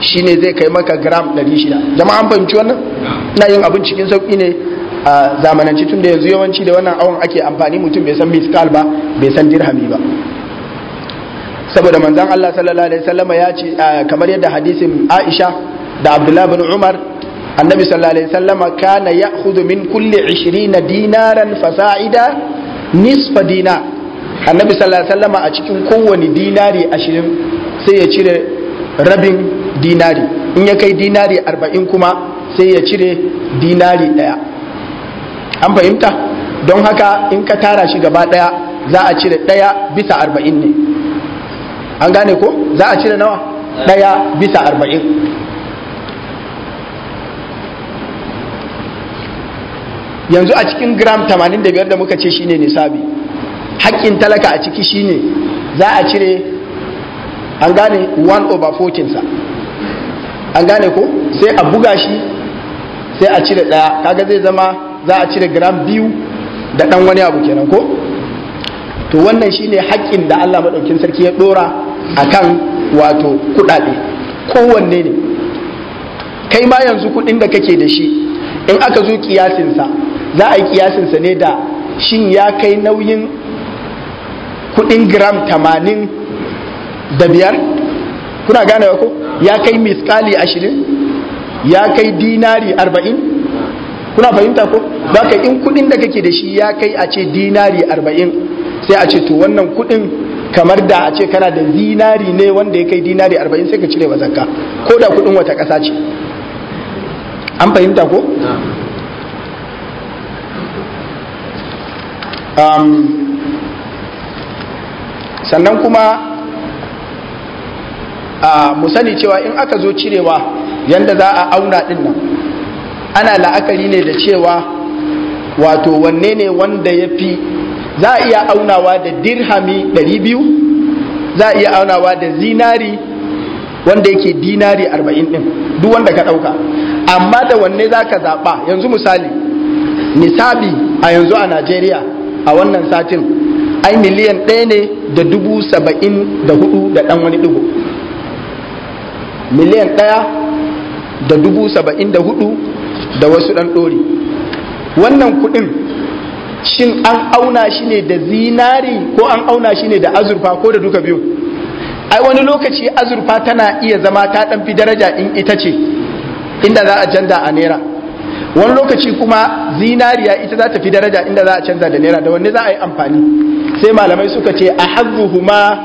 shine zai kai maka gram 600 jama'a an fahimci wannan ina yin abin cikin sauki ne a zamananci tunda yanzu yawanci da wannan awon ake amfani mutum bai san miskal ba bai san dirhami ba saboda manzon Allah sallallahu alaihi wasallam ya ce kamar yadda hadisin Aisha da Abdullah bin Umar annabi sallallahu alaihi wasallam kana ya'khudhu min kulli 20 dinaran fasa'ida nisfa dina. annabi sallallahu alaihi wasallam a cikin kowane dinari 20 sai ya cire rabin dinari in ya kai dinari 40 kuma sai ya cire dinari daya an fahimta don haka in ka tara shi gaba daya za a cire daya bisa 40 ne an gane ko za a cire nawa daya bisa arba'in yanzu a cikin gram 85 da muka ce shine nisabi haƙƙin talaka a ciki shine za a cire an gane 1 over 14 sa an gane ko sai a buga shi sai a cire ɗaya kaga zai zama za a cire gram biyu da ɗan wani abu kenan ko to wannan shine haƙƙin da Allah maɗaukin sarki ya ɗora a kan wato kuɗaɗe kowanne ne kai ma yanzu kuɗin da kake da shi in aka zo kiyasinsa za a yi kiyasinsa ne da shin ya kai nauyin kudin gram tamanin da biyar kuna gane ko ya kai miskali ashirin ya kai dinari arba'in kuna fahimta ko za ka in kudin da kake da shi ya kai a ce dinari arba'in sai a ce to wannan kudin kamar da a ce kana da dinari ne wanda ya kai dinari arba'in sai ka cire wa zakka ko da kudin wata kasa ce an fahimta ko Um, sannan kuma mu sani cewa in aka zo cirewa yadda za a auna din nan ana la'akari ne da cewa wato wanne ne wanda ya fi za a iya aunawa da dirhami 200 za a iya aunawa da zinari wanda yake dinari 40 din, duk wanda ka ɗauka amma da wanne za ka zaɓa yanzu misali nisabi a yanzu a najeriya a wannan satin ai miliyan ɗaya ne da dubu saba'in da hudu da ɗan wani dubu miliyan ɗaya da dubu saba'in da hudu da wasu ɗan ɗori wannan kuɗin shin an auna shi ne da zinari ko an auna shi ne da azurfa ko da duka biyu ai wani lokaci azurfa tana iya zama ta ɗan fi daraja in ita ce inda za a janda a naira wani lokaci kuma zinariya ita za ta fi daraja inda za a canza da naira da wanne za a yi amfani sai malamai suka ce a hazzuhuma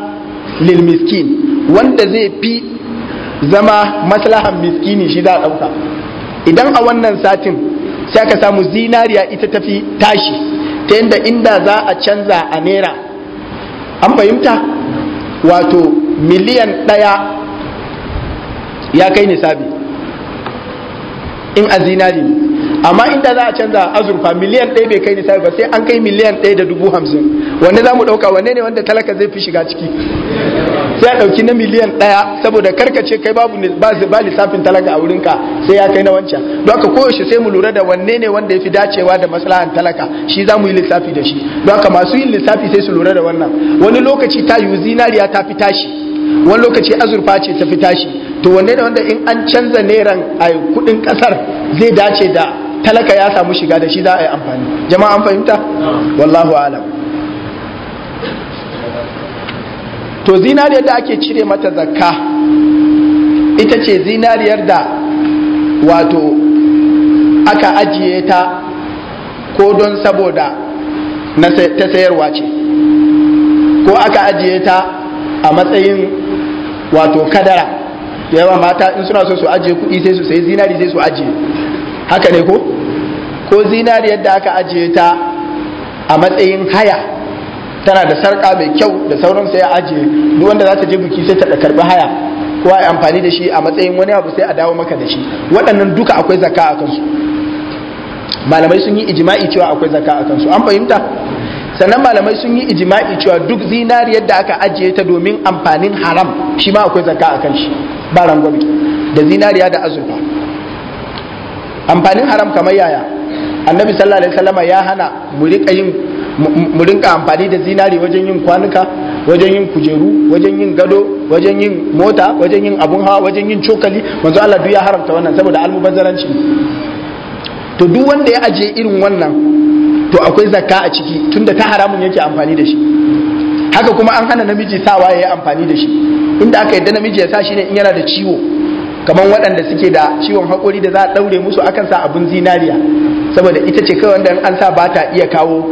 lil miskin wanda zai fi zama maslahan miskini shi za a ɗauka idan a wannan satin sai aka samu zinariya ita ta fi tashi ta yadda inda za a canza a naira an fahimta wato miliyan ɗaya ya kai nisabi in a zinari amma inda za a canza azurfa miliyan ɗaya bai kai nisabi ba sai an kai miliyan ɗaya da dubu hamsin wanne za mu ɗauka wanne ne wanda talaka zai fi shiga ciki sai a ɗauki na miliyan ɗaya saboda karkace kai babu ba lissafin talaka a wurinka sai ya kai na wancan don haka yaushe sai mu lura da wanne ne wanda ya fi dacewa da maslahan talaka shi za mu yi lissafi da shi don haka masu yin lissafi sai su lura da wannan wani lokaci ta yiwu zinariya ta fi tashi wani lokaci azurfa ce ta fi tashi to wanne da wanda in an canza neran a kudin kasar zai dace da talaka ya samu shiga da shi za a yi amfani jama'a an fahimta wallahu alam to zinariyar da ake cire mata zakka ita ce zinariyar da wato aka ajiye ta ko don saboda ta sayarwa ce ko aka ajiye ta a matsayin wato kadara da yawa mata in suna so su ajiye kuɗi sai su sai zinari sai su ajiye haka ne ko ko zinari yadda aka ajiye ta a matsayin haya tana da sarƙa mai kyau da sauran sai a ajiye duk wanda za ta je biki sai ta karɓi haya ko a amfani da shi a matsayin wani abu sai a dawo maka da shi waɗannan duka akwai zakka a kansu malamai sun yi ijma'i cewa akwai zakka a kansu an fahimta sannan malamai sun yi ijima'i cewa duk zinariyar da aka ajiye ta domin amfanin haram shi ma akwai zakka a kan shi ba rangwami da zinariya da azurfa amfanin haram kamar yaya annabi sallallahu alaihi wasallam ya hana mu yin rinka amfani da zinari wajen yin kwanuka wajen yin kujeru wajen yin gado wajen yin mota wajen yin abun hawa wajen yin cokali manzo Allah duk ya haramta wannan saboda almubazzaranci to duk wanda ya ajiye irin wannan to akwai zakka a ciki tunda ta haramun yake amfani da shi haka kuma an hana namiji sawa ya yi amfani da shi inda aka yadda namiji ya sa shi ne in yana da ciwo kamar waɗanda suke da ciwon haƙori da za a ɗaure musu akan sa abin zinariya saboda ita ce kawai wanda an sa ba ta iya kawo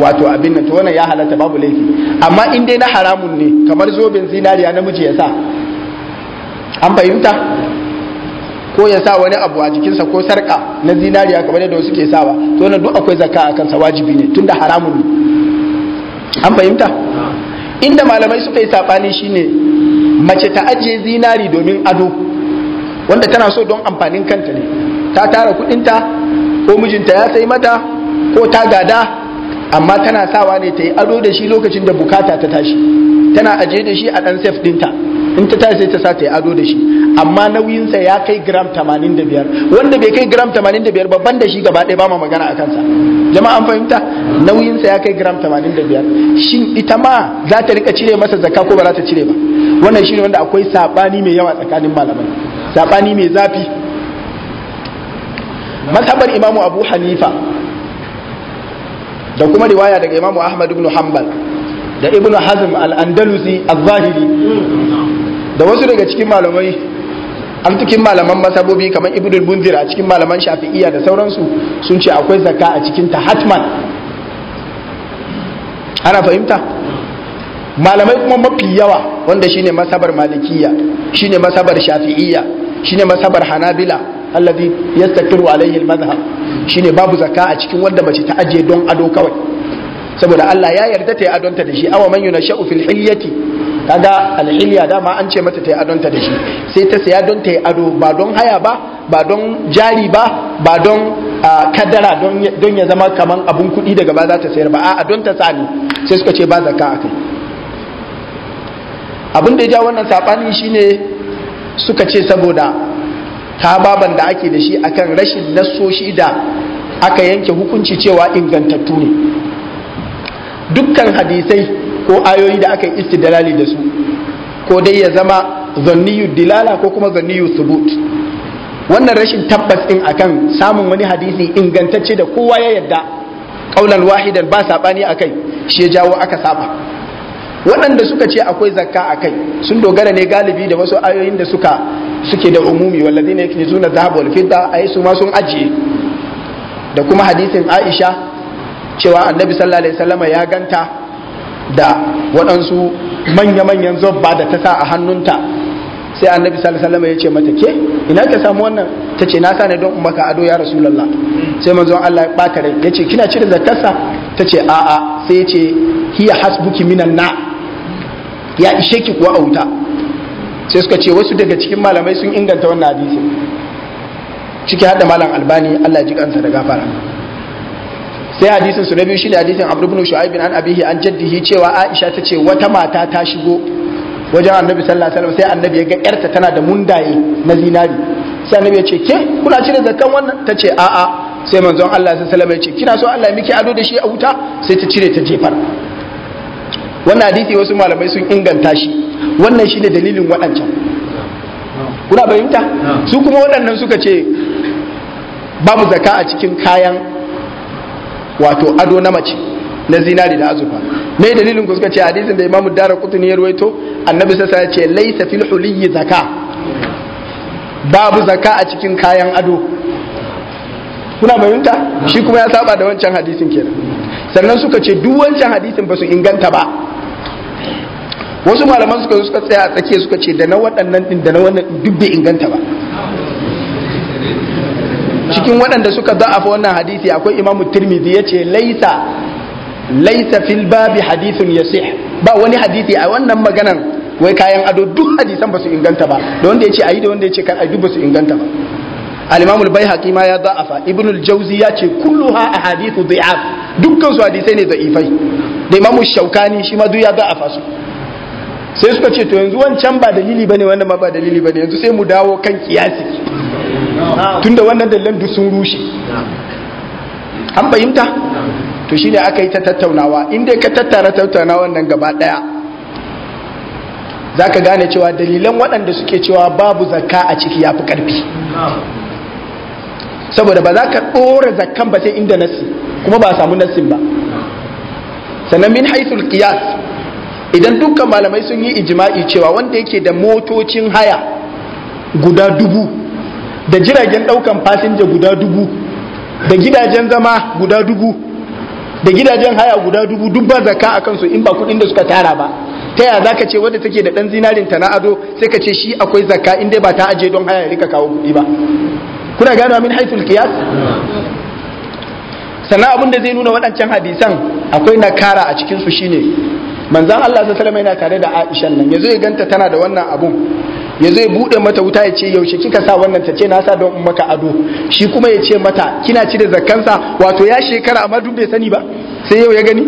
wato abin nan to wannan ya halatta babu laifi amma in dai na haramun ne kamar zoben zinariya namiji ya sa an fahimta ko ya sa wani abu a jikinsa ko sarka na zinariya kamar yadda suke sawa to wannan duk akwai zakka a kansa wajibi ne tunda haramun ne an fahimta inda malamai suka yi sabani shine mace ta ajiye zinari domin ado wanda tana so don amfanin kanta ne ta tara kudinta ko mijinta ya sai mata ko ta gada amma tana sawa ne ta yi ado da shi lokacin da bukata ta tashi tana ajiye da shi a ɗan sef dinta in ta tashi sai ta sa ta yi ado da shi amma nauyinsa ya kai gram 85 wanda bai kai gram 85 babban da shi gaba ɗaya ba ma magana a kansa jama'a an fahimta nauyinsa ya kai gram 85 shin ita ma za ta rika cire masa zakka ko ba za ta cire ba wannan shine wanda akwai sabani mai yawa tsakanin malamai sabani mai zafi mazhabar imamu abu hanifa da kuma riwaya daga imamu ahmad ibn hanbal da ibn hazm al-andalusi al-zahiri da wasu daga cikin malamai an malaman masabobi kamar ibudul munzir a cikin malaman shafi'iyya da sauransu sun ce akwai zaka a cikin ta hatman ana fahimta malamai kuma mafi yawa wanda shine masabar malikiya, shine masabar shafi'iyya shine masabar hanabila alladhi yastakiru alaihi al shine babu zakka a cikin wanda mace ta ajiye don ado kawai saboda Allah ya yarda ta yi adonta da shi awa man yunashu fil hilyati kaga alhiliya dama an ce mata ta yi adonta da shi sai ta saya don ta yi ado ba don haya ba ba don jari ba ba don kadara don ya zama kaman abun kuɗi daga ba za ta sayar ba a don ta sa sai suka ce ba zakka akai abin da ya ja wannan saɓani shine suka ce saboda tababan da ake da shi akan rashin nassoshi da aka yanke hukunci cewa ingantattu ne dukkan hadisai ko ayoyi da aka yi istidlali da su ko dai ya zama zanniyu dilala ko kuma zanniyu subut wannan rashin tabbas din akan samun wani hadisi ingantacce da kowa ya yarda kaulan wahidan ba sabani akai shi ya jawo aka saba waɗanda suka ce akwai zakka a kai sun dogara ne galibi da wasu ayoyin da suka suke da umumi wallazi ne yake zuna zahabu wal fidda ai su ma sun ajiye da kuma hadisin Aisha cewa Annabi sallallahu alaihi wasallam ya ganta da waɗansu manya-manyan zobba da ta sa a hannunta sai annabi sallallahu alaihi ya ce mata ke ina ka samu wannan ta ce na sani don in maka ado ya rasulullah sai manzon Allah ya bata rai ya ce kina cire zakarsa ta ce a'a sai ya ce hiya hasbuki minan na ya ishe ki kuwa a wuta sai suka ce wasu daga cikin malamai sun inganta wannan hadisi ciki hada malam albani Allah ya ji kansa da gafara sai hadisin su na biyu shine hadisin Abu ibn Shu'aib an abihi an jaddihi cewa Aisha ta ce wata mata ta shigo wajen Annabi sallallahu alaihi wasallam sai Annabi ya ga yarta tana da mundaye na zinari sai Annabi ya ce ke kuna cire zakan wannan ta ce a'a sai manzon Allah sallallahu alaihi wasallam ya ce kina so Allah ya miki ado da shi a wuta sai ta cire ta jefar wannan hadisi wasu malamai sun inganta shi wannan shine dalilin waɗancan kuna fahimta su kuma waɗannan suka ce babu zaka a cikin kayan wato ado na mace na zinari da azufa mai dalilin ku suka ce hadisin da imamu dara kutuni ya ruwaito annabi sassa ya ce laisa fil huliyi zaka babu zaka a cikin kayan ado kuna fahimta shi kuma ya saba da wancan hadisin kenan sannan suka ce duk wancan hadisin ba su inganta ba wasu malaman suka suka tsaya a tsakiya suka ce da na waɗannan din da na wannan duk bai inganta ba cikin waɗanda suka da'afa wannan hadisi akwai imamu tirmidhi yace laisa laisa fil babi hadithun yasih ba wani hadisi a wannan maganan wai kayan ado duk hadisan ba su inganta ba da wanda ya ce ayi da wanda ya ce kan ayi ba su inganta ba al-imam al-baihaqi ma ya da'afa ibn al-jawzi yace kulluha ahadithu dhi'af dukkan su hadisai ne da'ifai da imamu shaukani shi ma duk ya da'afa su sai suka ce to yanzu wancan ba dalili bane wannan ma ba dalili bane yanzu sai mu dawo kan kiyasi tunda wannan dalilan duk sun rushe an fahimta to shine aka yi ta tattaunawa inda ka tattara tattaunawa nan gaba daya zaka gane cewa dalilan waɗanda suke cewa babu zakka a ciki yafi karfi saboda ba za ka ɗora zakkan ba sai inda nasi kuma ba a samu nasin ba sannan min haithul qiyas idan dukkan malamai sun yi ijima'i cewa wanda yake da motocin haya guda dubu da jiragen daukan fasinja guda dubu da gidajen zama guda dubu da gidajen haya guda dubu duk ba zakka a kansu in ba kuɗin da suka tara ba ta yaya zaka ce wadda take da ɗan zinarin ta na ado sai ka ce shi akwai zakka in dai ba ta aje don haya ya rika kawo kuɗi ba kuna gano amin haithul qiyas sannan abin da zai nuna waɗancan hadisan akwai nakara a cikin su ne. manzan Allah sallallahu alaihi yana tare da Aisha nan yazo ya ganta tana da wannan abun ya zai bude mata wuta ya ce yaushe kika sa wannan ta ce na sa don maka ado shi kuma ya ce mata kina ci da zakkansa wato ya shekara amma duk bai sani ba sai yau ya gani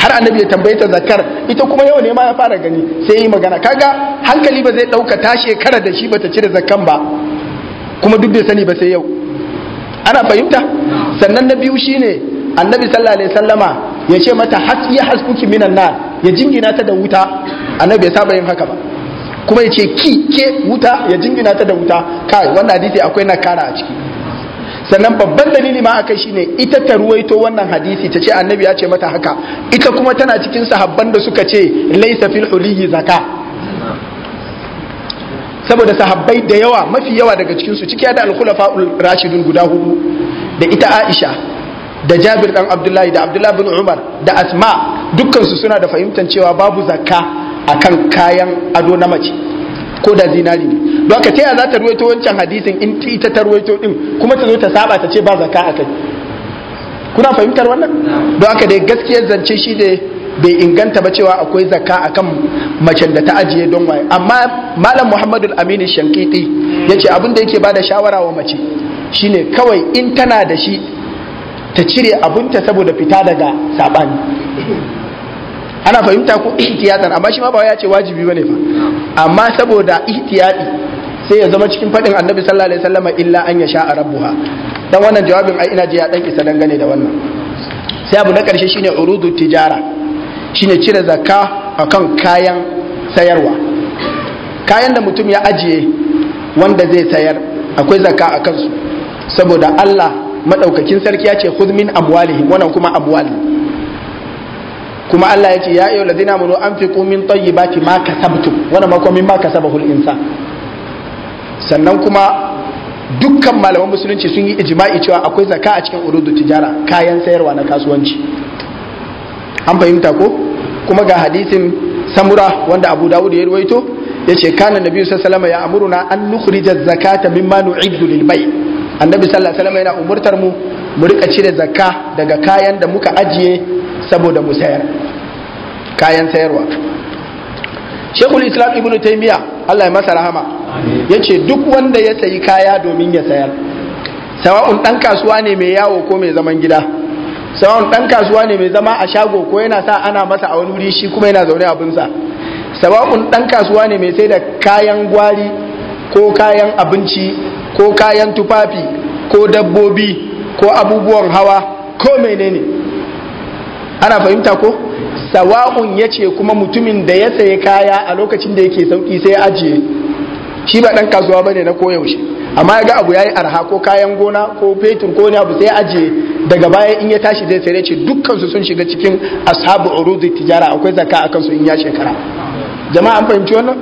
har annabi ya tambaye ta zakkar ita kuma yau ne ma ya fara gani sai yi magana kaga hankali ba zai ɗauka ta shekara da shi bata ci da zakkan ba kuma duk bai sani ba sai yau ana fahimta sannan na biyu shine annabi sallallahu alaihi wasallama ya ce mata hasiya haskuki minan nar ya jingina ta da wuta annabi ya saba yin haka ba kuma ya ce ki ke wuta ya jingina ta da wuta kai wannan hadisi akwai na kara a ciki sannan babban dalili ma akai shine ita ta ruwaito wannan hadisi ta ce annabi ya ce mata haka ita kuma tana cikin sahabban da suka ce laisa fil uliyi zaka saboda sahabbai da yawa mafi yawa daga cikin su ciki da al-khulafa rashidun guda hudu da ita Aisha da Jabir dan Abdullahi da Abdullah bin Umar da Asma dukkan su suna da fahimtar cewa babu zakka akan kayan ado na mace ko da zinari ne don ka taya za ta ruwaito wancan hadisin in ita ta ruwaito din kuma ta zo ta saba ta ce ba zaka a kai kuna fahimtar wannan don haka dai gaskiyar zance shi ne bai inganta ba cewa akwai zaka akan macen da ta ajiye don waye amma malam Muhammadu aminu shankiti ya ce abin da yake bada shawara wa mace shine kawai in tana da shi ta cire abinta saboda fita daga saɓani ana fahimta ko ihtiyatan amma shi ma ba ya ce wajibi bane fa amma saboda ihtiyati sai ya zama cikin fadin annabi sallallahu alaihi wasallam illa an ya rabbuha dan wannan jawabin ai ina ji ya dan isa dangane da wannan sai abu na karshe shine urudu tijara shine cire zakka akan kayan sayarwa kayan da mutum ya ajiye wanda zai sayar akwai zakka a kansu saboda Allah madaukakin sarki ya ce khudh min amwalihim wannan kuma amwalihim kuma Allah ya ce ya ayyuhal ladina an fi kumin tayyibati ma kasabtum wa ma kuma mimma kasabahu sabahul insan sannan kuma dukkan malaman musulunci sun yi ijma'i cewa akwai zaka a cikin urudu tijara kayan sayarwa na kasuwanci an fahimta ko kuma ga hadisin samura wanda abu dawud ya ruwaito ya ce kana nabi sallallahu ya amuruna an nukhrija zakata mimma nu'iddu lil bay annabi sallallahu alaihi wasallam yana umurtar mu mu rika cire zakka daga kayan da muka ajiye saboda mu sayar kayan sayarwa shekul islam ibnu taimiya allah ya masa rahama ya ce duk wanda ya sayi kaya domin ya sayar sawa'un ɗan kasuwa ne mai yawo ko mai zaman gida sawa'un ɗan kasuwa ne mai zama a shago ko yana sa ana masa a wani wuri shi kuma yana zaune abinsa sawa'un ɗan kasuwa ne mai sai da kayan gwari ko kayan abinci ko kayan tufafi ko dabbobi ko abubuwan hawa ko menene ana fahimta ko sawa'un ya ce kuma mutumin da ya sayi kaya a lokacin da yake sauki sai ya ajiye shi ba dan kasuwa bane na koyaushe amma ya ga abu yayi arha ko kayan gona ko fetur ko ne abu sai ya ajiye daga baya in ya tashi zai sai ce dukkan su sun shiga cikin ashabu urudi tijara akwai zakka akan su in ya shekara jama'a an fahimci wannan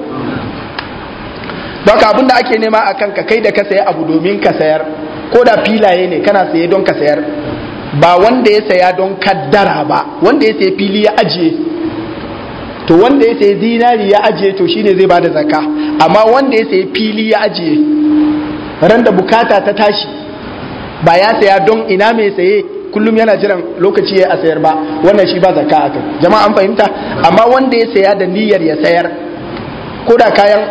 Baka abin da ake nema akan ka kai da ka sayi abu domin ka sayar ko da filaye ne kana saye don ka sayar ba wanda ya saya don kaddara ba wanda ya saya fili ya ajiye to wanda ya saya dinari ya ajiye to shine zai bada zaka amma wanda ya saya fili ya ajiye ran da bukata ta tashi ba ya saya don ina mai saye kullum yana jiran lokaci ya a sayar ba wannan shi ba zaka akan jama'a an fahimta amma wanda ya saya da niyyar ya sayar ko da kayan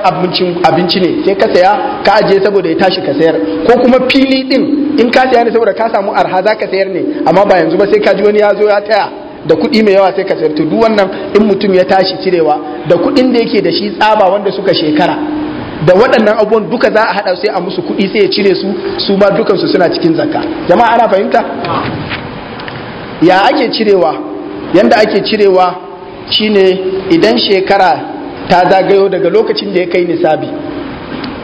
abinci ne sai ka saya ka ajiye saboda ya tashi ka sayar ko kuma fili din in ka saya ne saboda ka samu arha za ka sayar ne amma ba yanzu ba sai ka ji wani ya zo ya taya da kuɗi mai yawa sai ka sayar to duk wannan in mutum ya tashi cirewa da kuɗin da yake da shi tsaba wanda suka shekara da waɗannan abubuwan duka za a haɗa sai a musu kuɗi sai ya cire su su ma dukansu suna cikin zakka jama'a ana fahimta ya ake cirewa yanda ake cirewa shine idan shekara ta zagayo daga lokacin da ya kai nisabi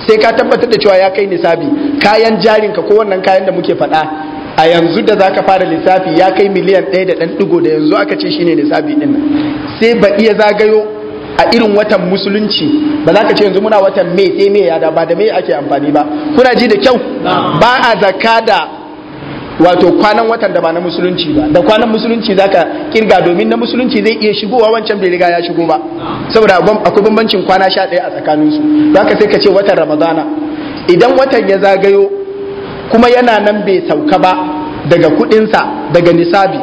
sai ka tabbatar da cewa ya kai nisabi kayan jarinka ko wannan kayan da muke faɗa a yanzu da za ka fara lissafi ya kai miliyan ɗaya da ɗan ɗigo da yanzu aka ce shine lissafi ɗin sai ba iya zagayo a irin watan musulunci ba za ka ce yanzu muna watan mai sai mai yada ba da mai ake amfani ba kuna ji da kyau ba a zaka da wato kwanan watan da ba na musulunci ba da kwanan musulunci zaka kirga domin na musulunci zai iya shigowa wancan bai riga ya shigo ba saboda akwai bambancin kwana sha ɗaya a tsakanin Za ka sai ka ce watan ramadana idan watan ya zagayo kuma yana nan bai sauka ba daga kuɗinsa daga nisabi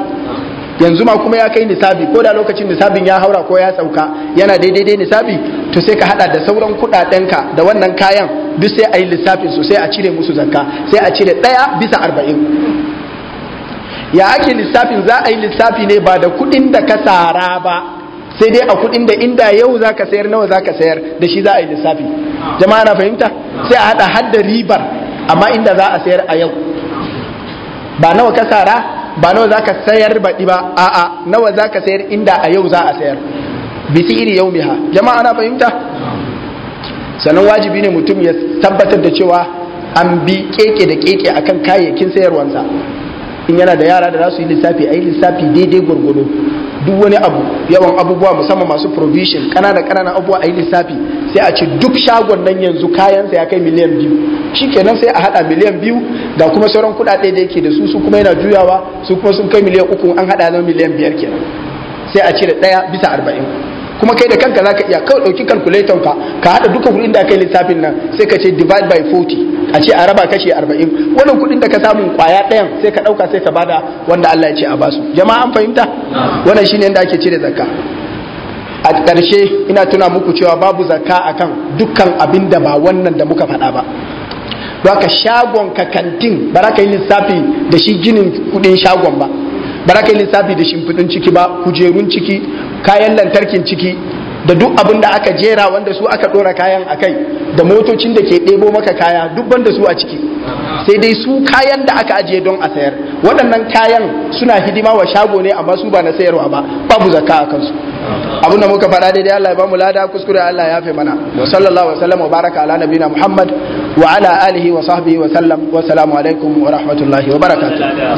yanzu ma kuma ya kai nisabi ko da lokacin nisabin ya haura ko ya sauka yana daidai dai nisabi to sai ka hada da sauran ka da wannan kayan duk sai a yi lissafin su sai a cire musu zakka sai a cire ɗaya bisa arba'in ya ake lissafin za a yi lissafi ne ba da kuɗin da ka tsara ba sai dai a kuɗin da inda yau za ka sayar nawa za ka sayar da shi za a yi lissafi jama'a na fahimta sai a haɗa hadda ribar amma inda za a sayar a yau ba nawa ka tsara ba nawa za ka sayar baɗi ba a'a nawa za ka sayar inda a yau za a sayar bisi iri yau biha jama'a na fahimta sannan wajibi ne mutum ya tabbatar da cewa an bi keke da keke akan kayayyakin sayarwansa in yana da yara da za su yi lissafi a yi lissafi daidai gwargwado duk wani abu yawan abubuwa musamman masu provision kanana kanana abubuwa a yi lissafi sai a ce duk shagon nan yanzu kayansa ya kai miliyan biyu shi kenan sai a hada miliyan biyu ga kuma sauran kuɗaɗe da yake da su su kuma yana juyawa su kuma sun kai miliyan uku an hada zama miliyan biyar kenan sai a da ɗaya bisa arba'in kuma kai da kanka zaka iya kawai dauki calculator ka ka hada duka kudin da kai lissafin nan sai ka ce divide by 40 a ce a raba kashi 40 wannan kudin da ka samu kwaya ɗayan sai ka dauka sai ka bada wanda Allah ya ce a basu jama'a an fahimta wannan shine yadda ake cire zakka a ƙarshe ina tuna muku cewa babu zakka akan dukkan abin da ba wannan da muka faɗa ba don ka shagon ka kantin ba za ka yi lissafi da shi ginin kudin shagon ba ba yi lissafi da shimfiɗin ciki ba kujerun ciki kayan lantarkin ciki da duk abin da aka jera wanda su aka ɗora kayan a kai da motocin da ke ɗebo maka kaya duk banda su a ciki sai dai su kayan da aka ajiye don a sayar waɗannan kayan suna hidima wa shago ne amma su ba na sayarwa ba babu zakka a kansu abin da muka faɗa daidai Allah ya bamu lada kuskure Allah ya fi mana wa sallallahu wa sallam wa baraka ala nabina Muhammad wa ala alihi wa sahbihi wa sallam wa salamu alaikum wa rahmatullahi wa barakatuh